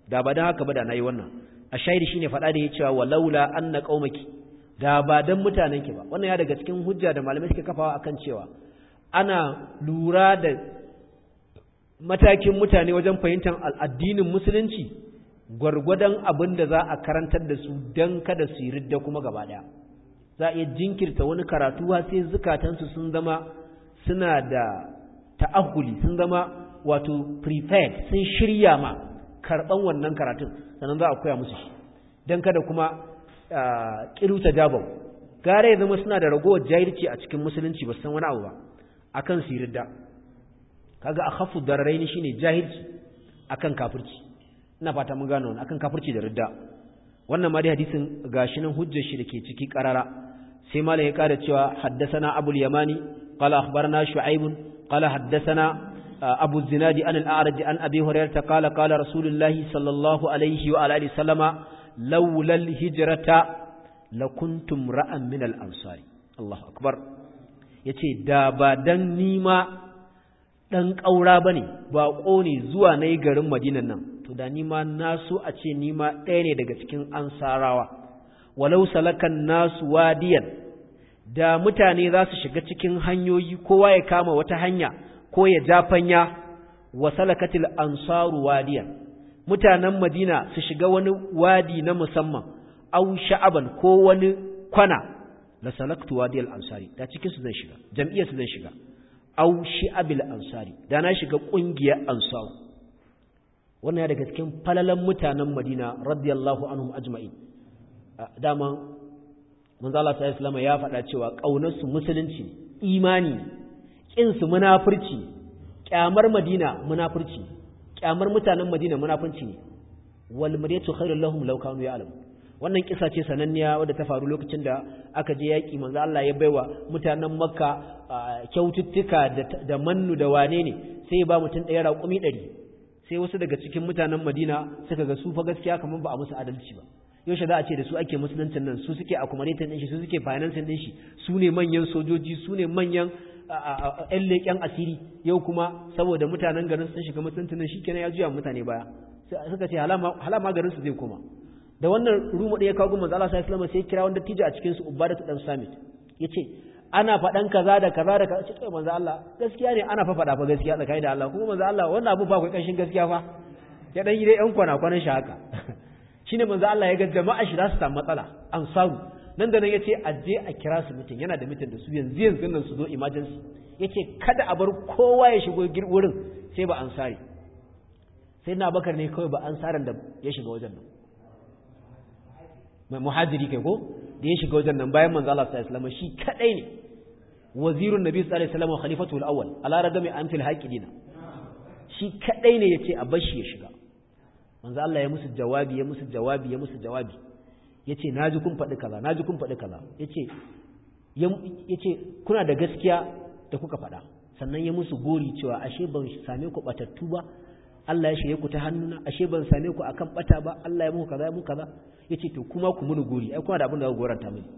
da ba dan haka ba da nayi wannan a shine faɗa da ya cewa walaula anna qaumaki da ba dan mutanen ki ba wannan ya daga cikin hujja da malamai suke kafawa akan cewa ana lura da matakin mutane wajen fahimtar al'addinin musulunci gwargwadon abin da za a karantar da su don kada su yi ridda kuma gaba daya za a iya jinkirta wani karatu sai zukatansu sun zama suna da ta'ahuli sun zama wato prepared sun shirya ma karɓan wannan karatun sannan za a koya musu shi don kada kuma ƙiruta jabau gare ya zama suna da ragowar jahilci a cikin musulunci ba san wani abu ba akan su ridda kaga a hafu dararaini shine jahilci kan kafirci ina fata mun gano akan kafirci da ridda wannan ma dai hadisin gashi nan hujjar shi da ke ciki karara sai malam ya kara cewa haddathana abul yamani qala akhbarana shu'aib qala haddathana abu zinadi an al-a'raj an abi hurairah qala qala rasulullahi sallallahu alaihi wa alihi sallama laulal hijirata lakuntum ra'an min al-ansari Allahu akbar yace da ba dan nima dan kaura bane ba ne zuwa nayi garin Madinan nan to da nima nasu a ce nima ɗaya ne daga cikin ansarawa walau salakan nasu wadiyan da mutane za su shiga cikin hanyoyi kowa ya kama wata hanya ko ya jafanya wa salakatil ansaru wadiyan mutanen Madina su shiga wani wadi na musamman aw sha'aban ko wani kwana la salaktu wadi al-ansari da cikin su zan shiga jami'a su zan shiga aw shi'abil ansari da na shiga kungiyar ansar wannan ya daga cikin falalan mutanen Madina radiyallahu anhum ajma'in dama manzo Allah sallallahu ya faɗa cewa kaunar su musulunci imani kin su munafurci kyamar Madina munafurci kyamar mutanen Madina munafunci ne wal maryatu khairul lahum law kanu ya'lam wannan kisa ce sananniya wadda ta faru lokacin da aka je yaki manzo Allah ya baiwa mutanen Makka kyaututtuka da mannu da wane ne sai ba ba mutum ɗaya raƙumi ɗari sai wasu daga cikin mutanen Madina suka ga su fa gaskiya kamar ba a musu adalci ba yaushe za a ce da su ake musuluncin nan su suke accommodating din shi su suke financing din shi su ne manyan sojoji su ne manyan 'yan leƙen asiri yau kuma saboda mutanen garin sun shiga musulunci shi kenan ya juya mutane baya suka ce halama garin su zai koma da wannan rumu ɗaya kawo manzo Allah sai sai kira wanda tija a cikin su ubada ta dan samit yace ana faɗan kaza da kaza da kaza cikin manzo Allah gaskiya ne ana fa faɗa fa gaskiya tsakani da Allah kuma manzo Allah wannan abu ba kai kanshin gaskiya fa ya dan yi dai yan kwana kwanan shi haka shine manzo Allah ya ga jama'a shi za su samu matsala ansaru nan da nan ya ce a je a kira su mutum yana da mutum da su yanzu yanzu nan su zo emergency ya ce kada a bar kowa ya shigo wurin sai ba an sare sai na bakar ne kawai ba an ansarin da ya shiga wajen nan mai muhajiri kai ko da ya shiga wajen nan bayan manzo Allah sallallahu alaihi shi kadai ne wazirun nabi sallallahu alaihi wasallam khalifatul awwal ala radami amtil haqidina shi kadai ne yace a bashi ya shiga manzo Allah ya musu jawabi ya musu jawabi ya musu jawabi yace ji kun faɗi kaza na ji kun faɗi kaza yace ce kuna da gaskiya da kuka faɗa sannan ya musu gori cewa ashe ban same ku batattu ba Allah ya shirye ku ta hannuna ashe ban same ku akan bata ba Allah ya muku kaza ya muku kaza yace to kuma ku muni gori ai kuna da abin da ku goranta mini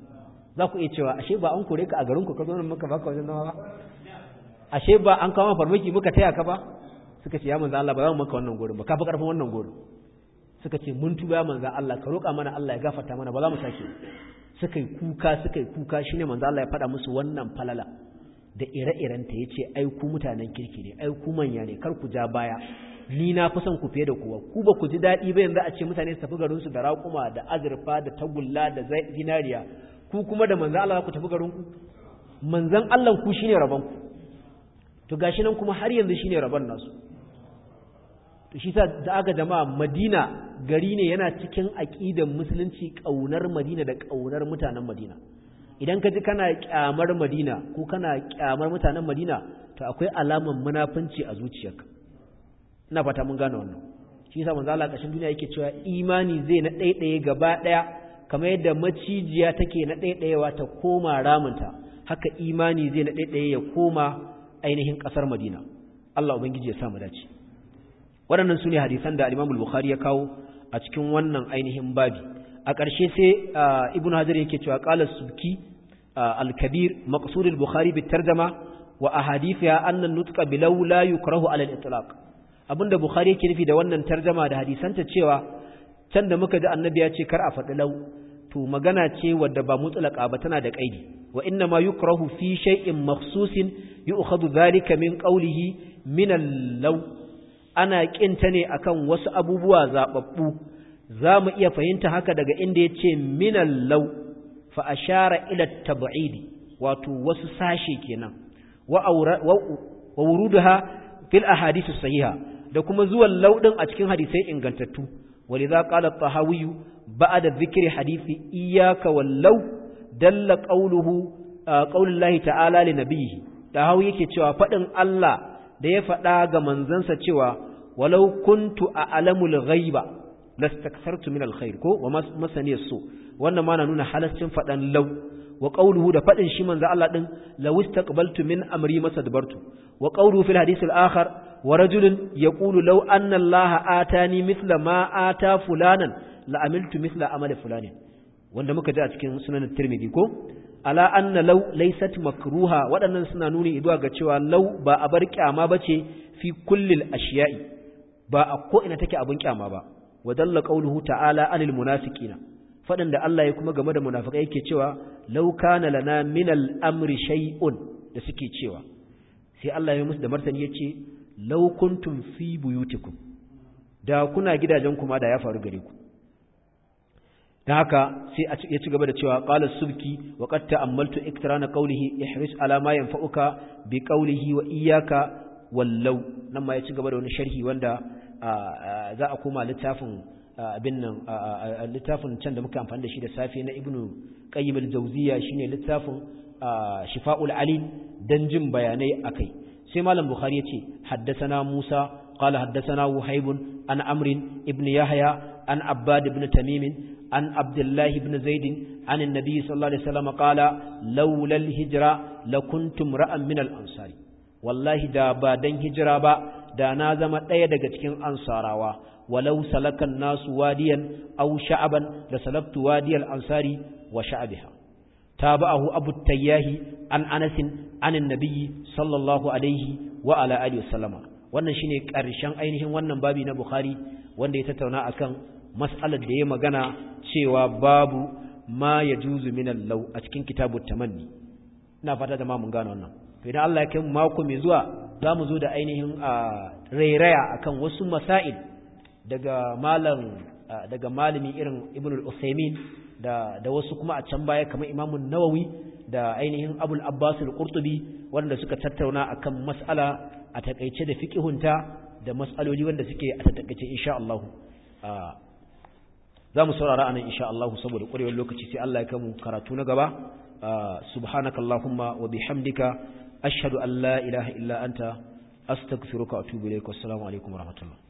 za ku iya cewa ashe ba an kore ka a garin ku ka zo nan muka baka wajen nawa ba ashe ba an kawo farmaki muka taya ka ba suka ce ya manzo Allah ba za mu maka wannan gori ba ka fi karfin wannan gori suka ce mun tuba manzo Allah ka roƙa mana Allah ya gafarta mana ba za mu sake suka yi kuka suka yi kuka shine manzo Allah ya faɗa musu wannan falala da ire-iren ta yace ai ku mutanen kirki ne ai ku manya ne kar ku ja baya ni na fi son ku fiye da kowa ku ba ku ji daɗi ba yanzu a ce mutane su tafi garin su da raƙuma da azurfa da tagulla da zinariya ku kuma da manzo Allah ku tafi garin ku manzon Allah ku shine rabon ku to gashi nan kuma har yanzu shine rabon nasu shi sa da aka jama'a madina gari ne yana cikin aƙidan musulunci ƙaunar madina da ƙaunar mutanen madina idan ka ji kana ƙyamar madina ko kana kyamar mutanen madina to akwai alaman munafunci a zuciyarka ina fata mun gane wannan shi sa manzo Allah kashin duniya yake cewa imani zai na ɗaiɗaye gaba ɗaya kamar yadda macijiya take na ɗaiɗayewa ta koma ramunta haka imani zai na ɗaiɗaye ya koma ainihin ƙasar madina Allah ubangiji ya sa mu dace waɗannan su ne hadisan da alimamul bukhari ya kawo a cikin wannan ainihin babi a ƙarshe sai ibn hajar yake cewa ƙala subki al-kabir maqsudul bukhari bi tarjama wa ahadithiha annan nutqa bilaw la yukrahu ala al-itlaq abinda bukhari yake nufi da wannan tarjama da hadisanta cewa can da muka ji annabi ya ce kar a faɗi lau to magana ce wadda ba mutlaka ba tana da kaidi wa inna ma yukrahu fi shay'in makhsusin yu'khadhu dhalika min qawlihi min al-law ana ƙinta ne akan wasu abubuwa zaɓaɓɓu za mu iya fahimta haka daga inda ya ce minan lau fa a shara ilar taba'idi wato wasu sashe kenan wa ha fil hadisu sahiha da kuma zuwan lauɗin a cikin hadisai ingantattu ولذا قال ba'a da ذكر hadisi? إياك واللو دل قوله قول الله تعالى لنبيه hau yake cewa faɗin Allah da ya faɗa ga manzansa cewa walau kuntu a'lamul ghaiba lastakthartu min alkhair ko wa masani wannan ma na nuna halascin fadan law wa qawluhu da fadin shi manzo Allah din law istaqbaltu min amri masadbartu wa qawluhu fil hadith al-akhar wa rajulun yaqulu law anna Allah atani mithla ma ata fulanan la amiltu mithla amali fulanin wanda muka ji a cikin sunan Tirmidhi ko ala anna law laysat makruha waɗannan suna nuni zuwa ga cewa law ba a bar kyama bace fi kullil ashiya'i ba a ko ina take abin kyama ba wa dalla qawluhu ta'ala anil munafiqina faɗan da Allah ya kuma game da munafikai yake cewa law kana lana min amri shay'un da suke cewa sai Allah ya musu da martani yace law kuntum fi buyutikum da kuna gidajen kuma da ya faru gare ku dan haka sai ya ci gaba da cewa qala subki wa qad ta'ammaltu iktirana qawlihi ihris ala ma yanfa'uka bi qawlihi wa iyyaka wallau nan ma ya ci gaba da wani sharhi wanda za a koma littafin abin nan littafin can da muka amfani da shi da safe na ibnu qayyim al-jawziya shine littafin shifa'ul ali dan jin bayanai akai sai malam bukhari yace haddathana musa qala haddathana wahaibun an amrin ibn yahya an abbad ibn tamim عن عبد an بن زيد عن النبي صلى الله عليه وسلم قال لولا الهجرة wallahi da ba dan hijira ba da na zama ɗaya daga cikin ansarawa walau salakan nasu wadiyan aw sha'aban da salaktu wadiyal ansari wa sha'abiha tabahu abu tayyahi an anasin anin nabiyyi sallallahu alaihi wa ala alihi wasallama wannan shine karshen ainihin wannan babi na bukhari wanda ya tattauna akan mas'alar da ya magana cewa babu ma yajuzu min law a cikin kitabut tamanni ina fata da ma mun gano wannan idan Allah ya kai mu mako mai zuwa za mu zo da ainihin a rairaya akan wasu masail daga malam daga malami irin Ibn al-Usaymin da da wasu kuma a can baya kamar Imam nawawi da ainihin Abul Abbas al-Qurtubi wanda suka tattauna akan mas'ala a takeice da fiqihunta da mas'aloli wanda suke a takeice insha Allah za mu saurara anan insha Allah saboda kwarewar lokaci sai Allah ya mu karatu na gaba subhanakallahumma wa bihamdika ashhadu an la ilaha illa anta astaghfiruka wa atubu ilaik wassalamu alaikum warahmatullahi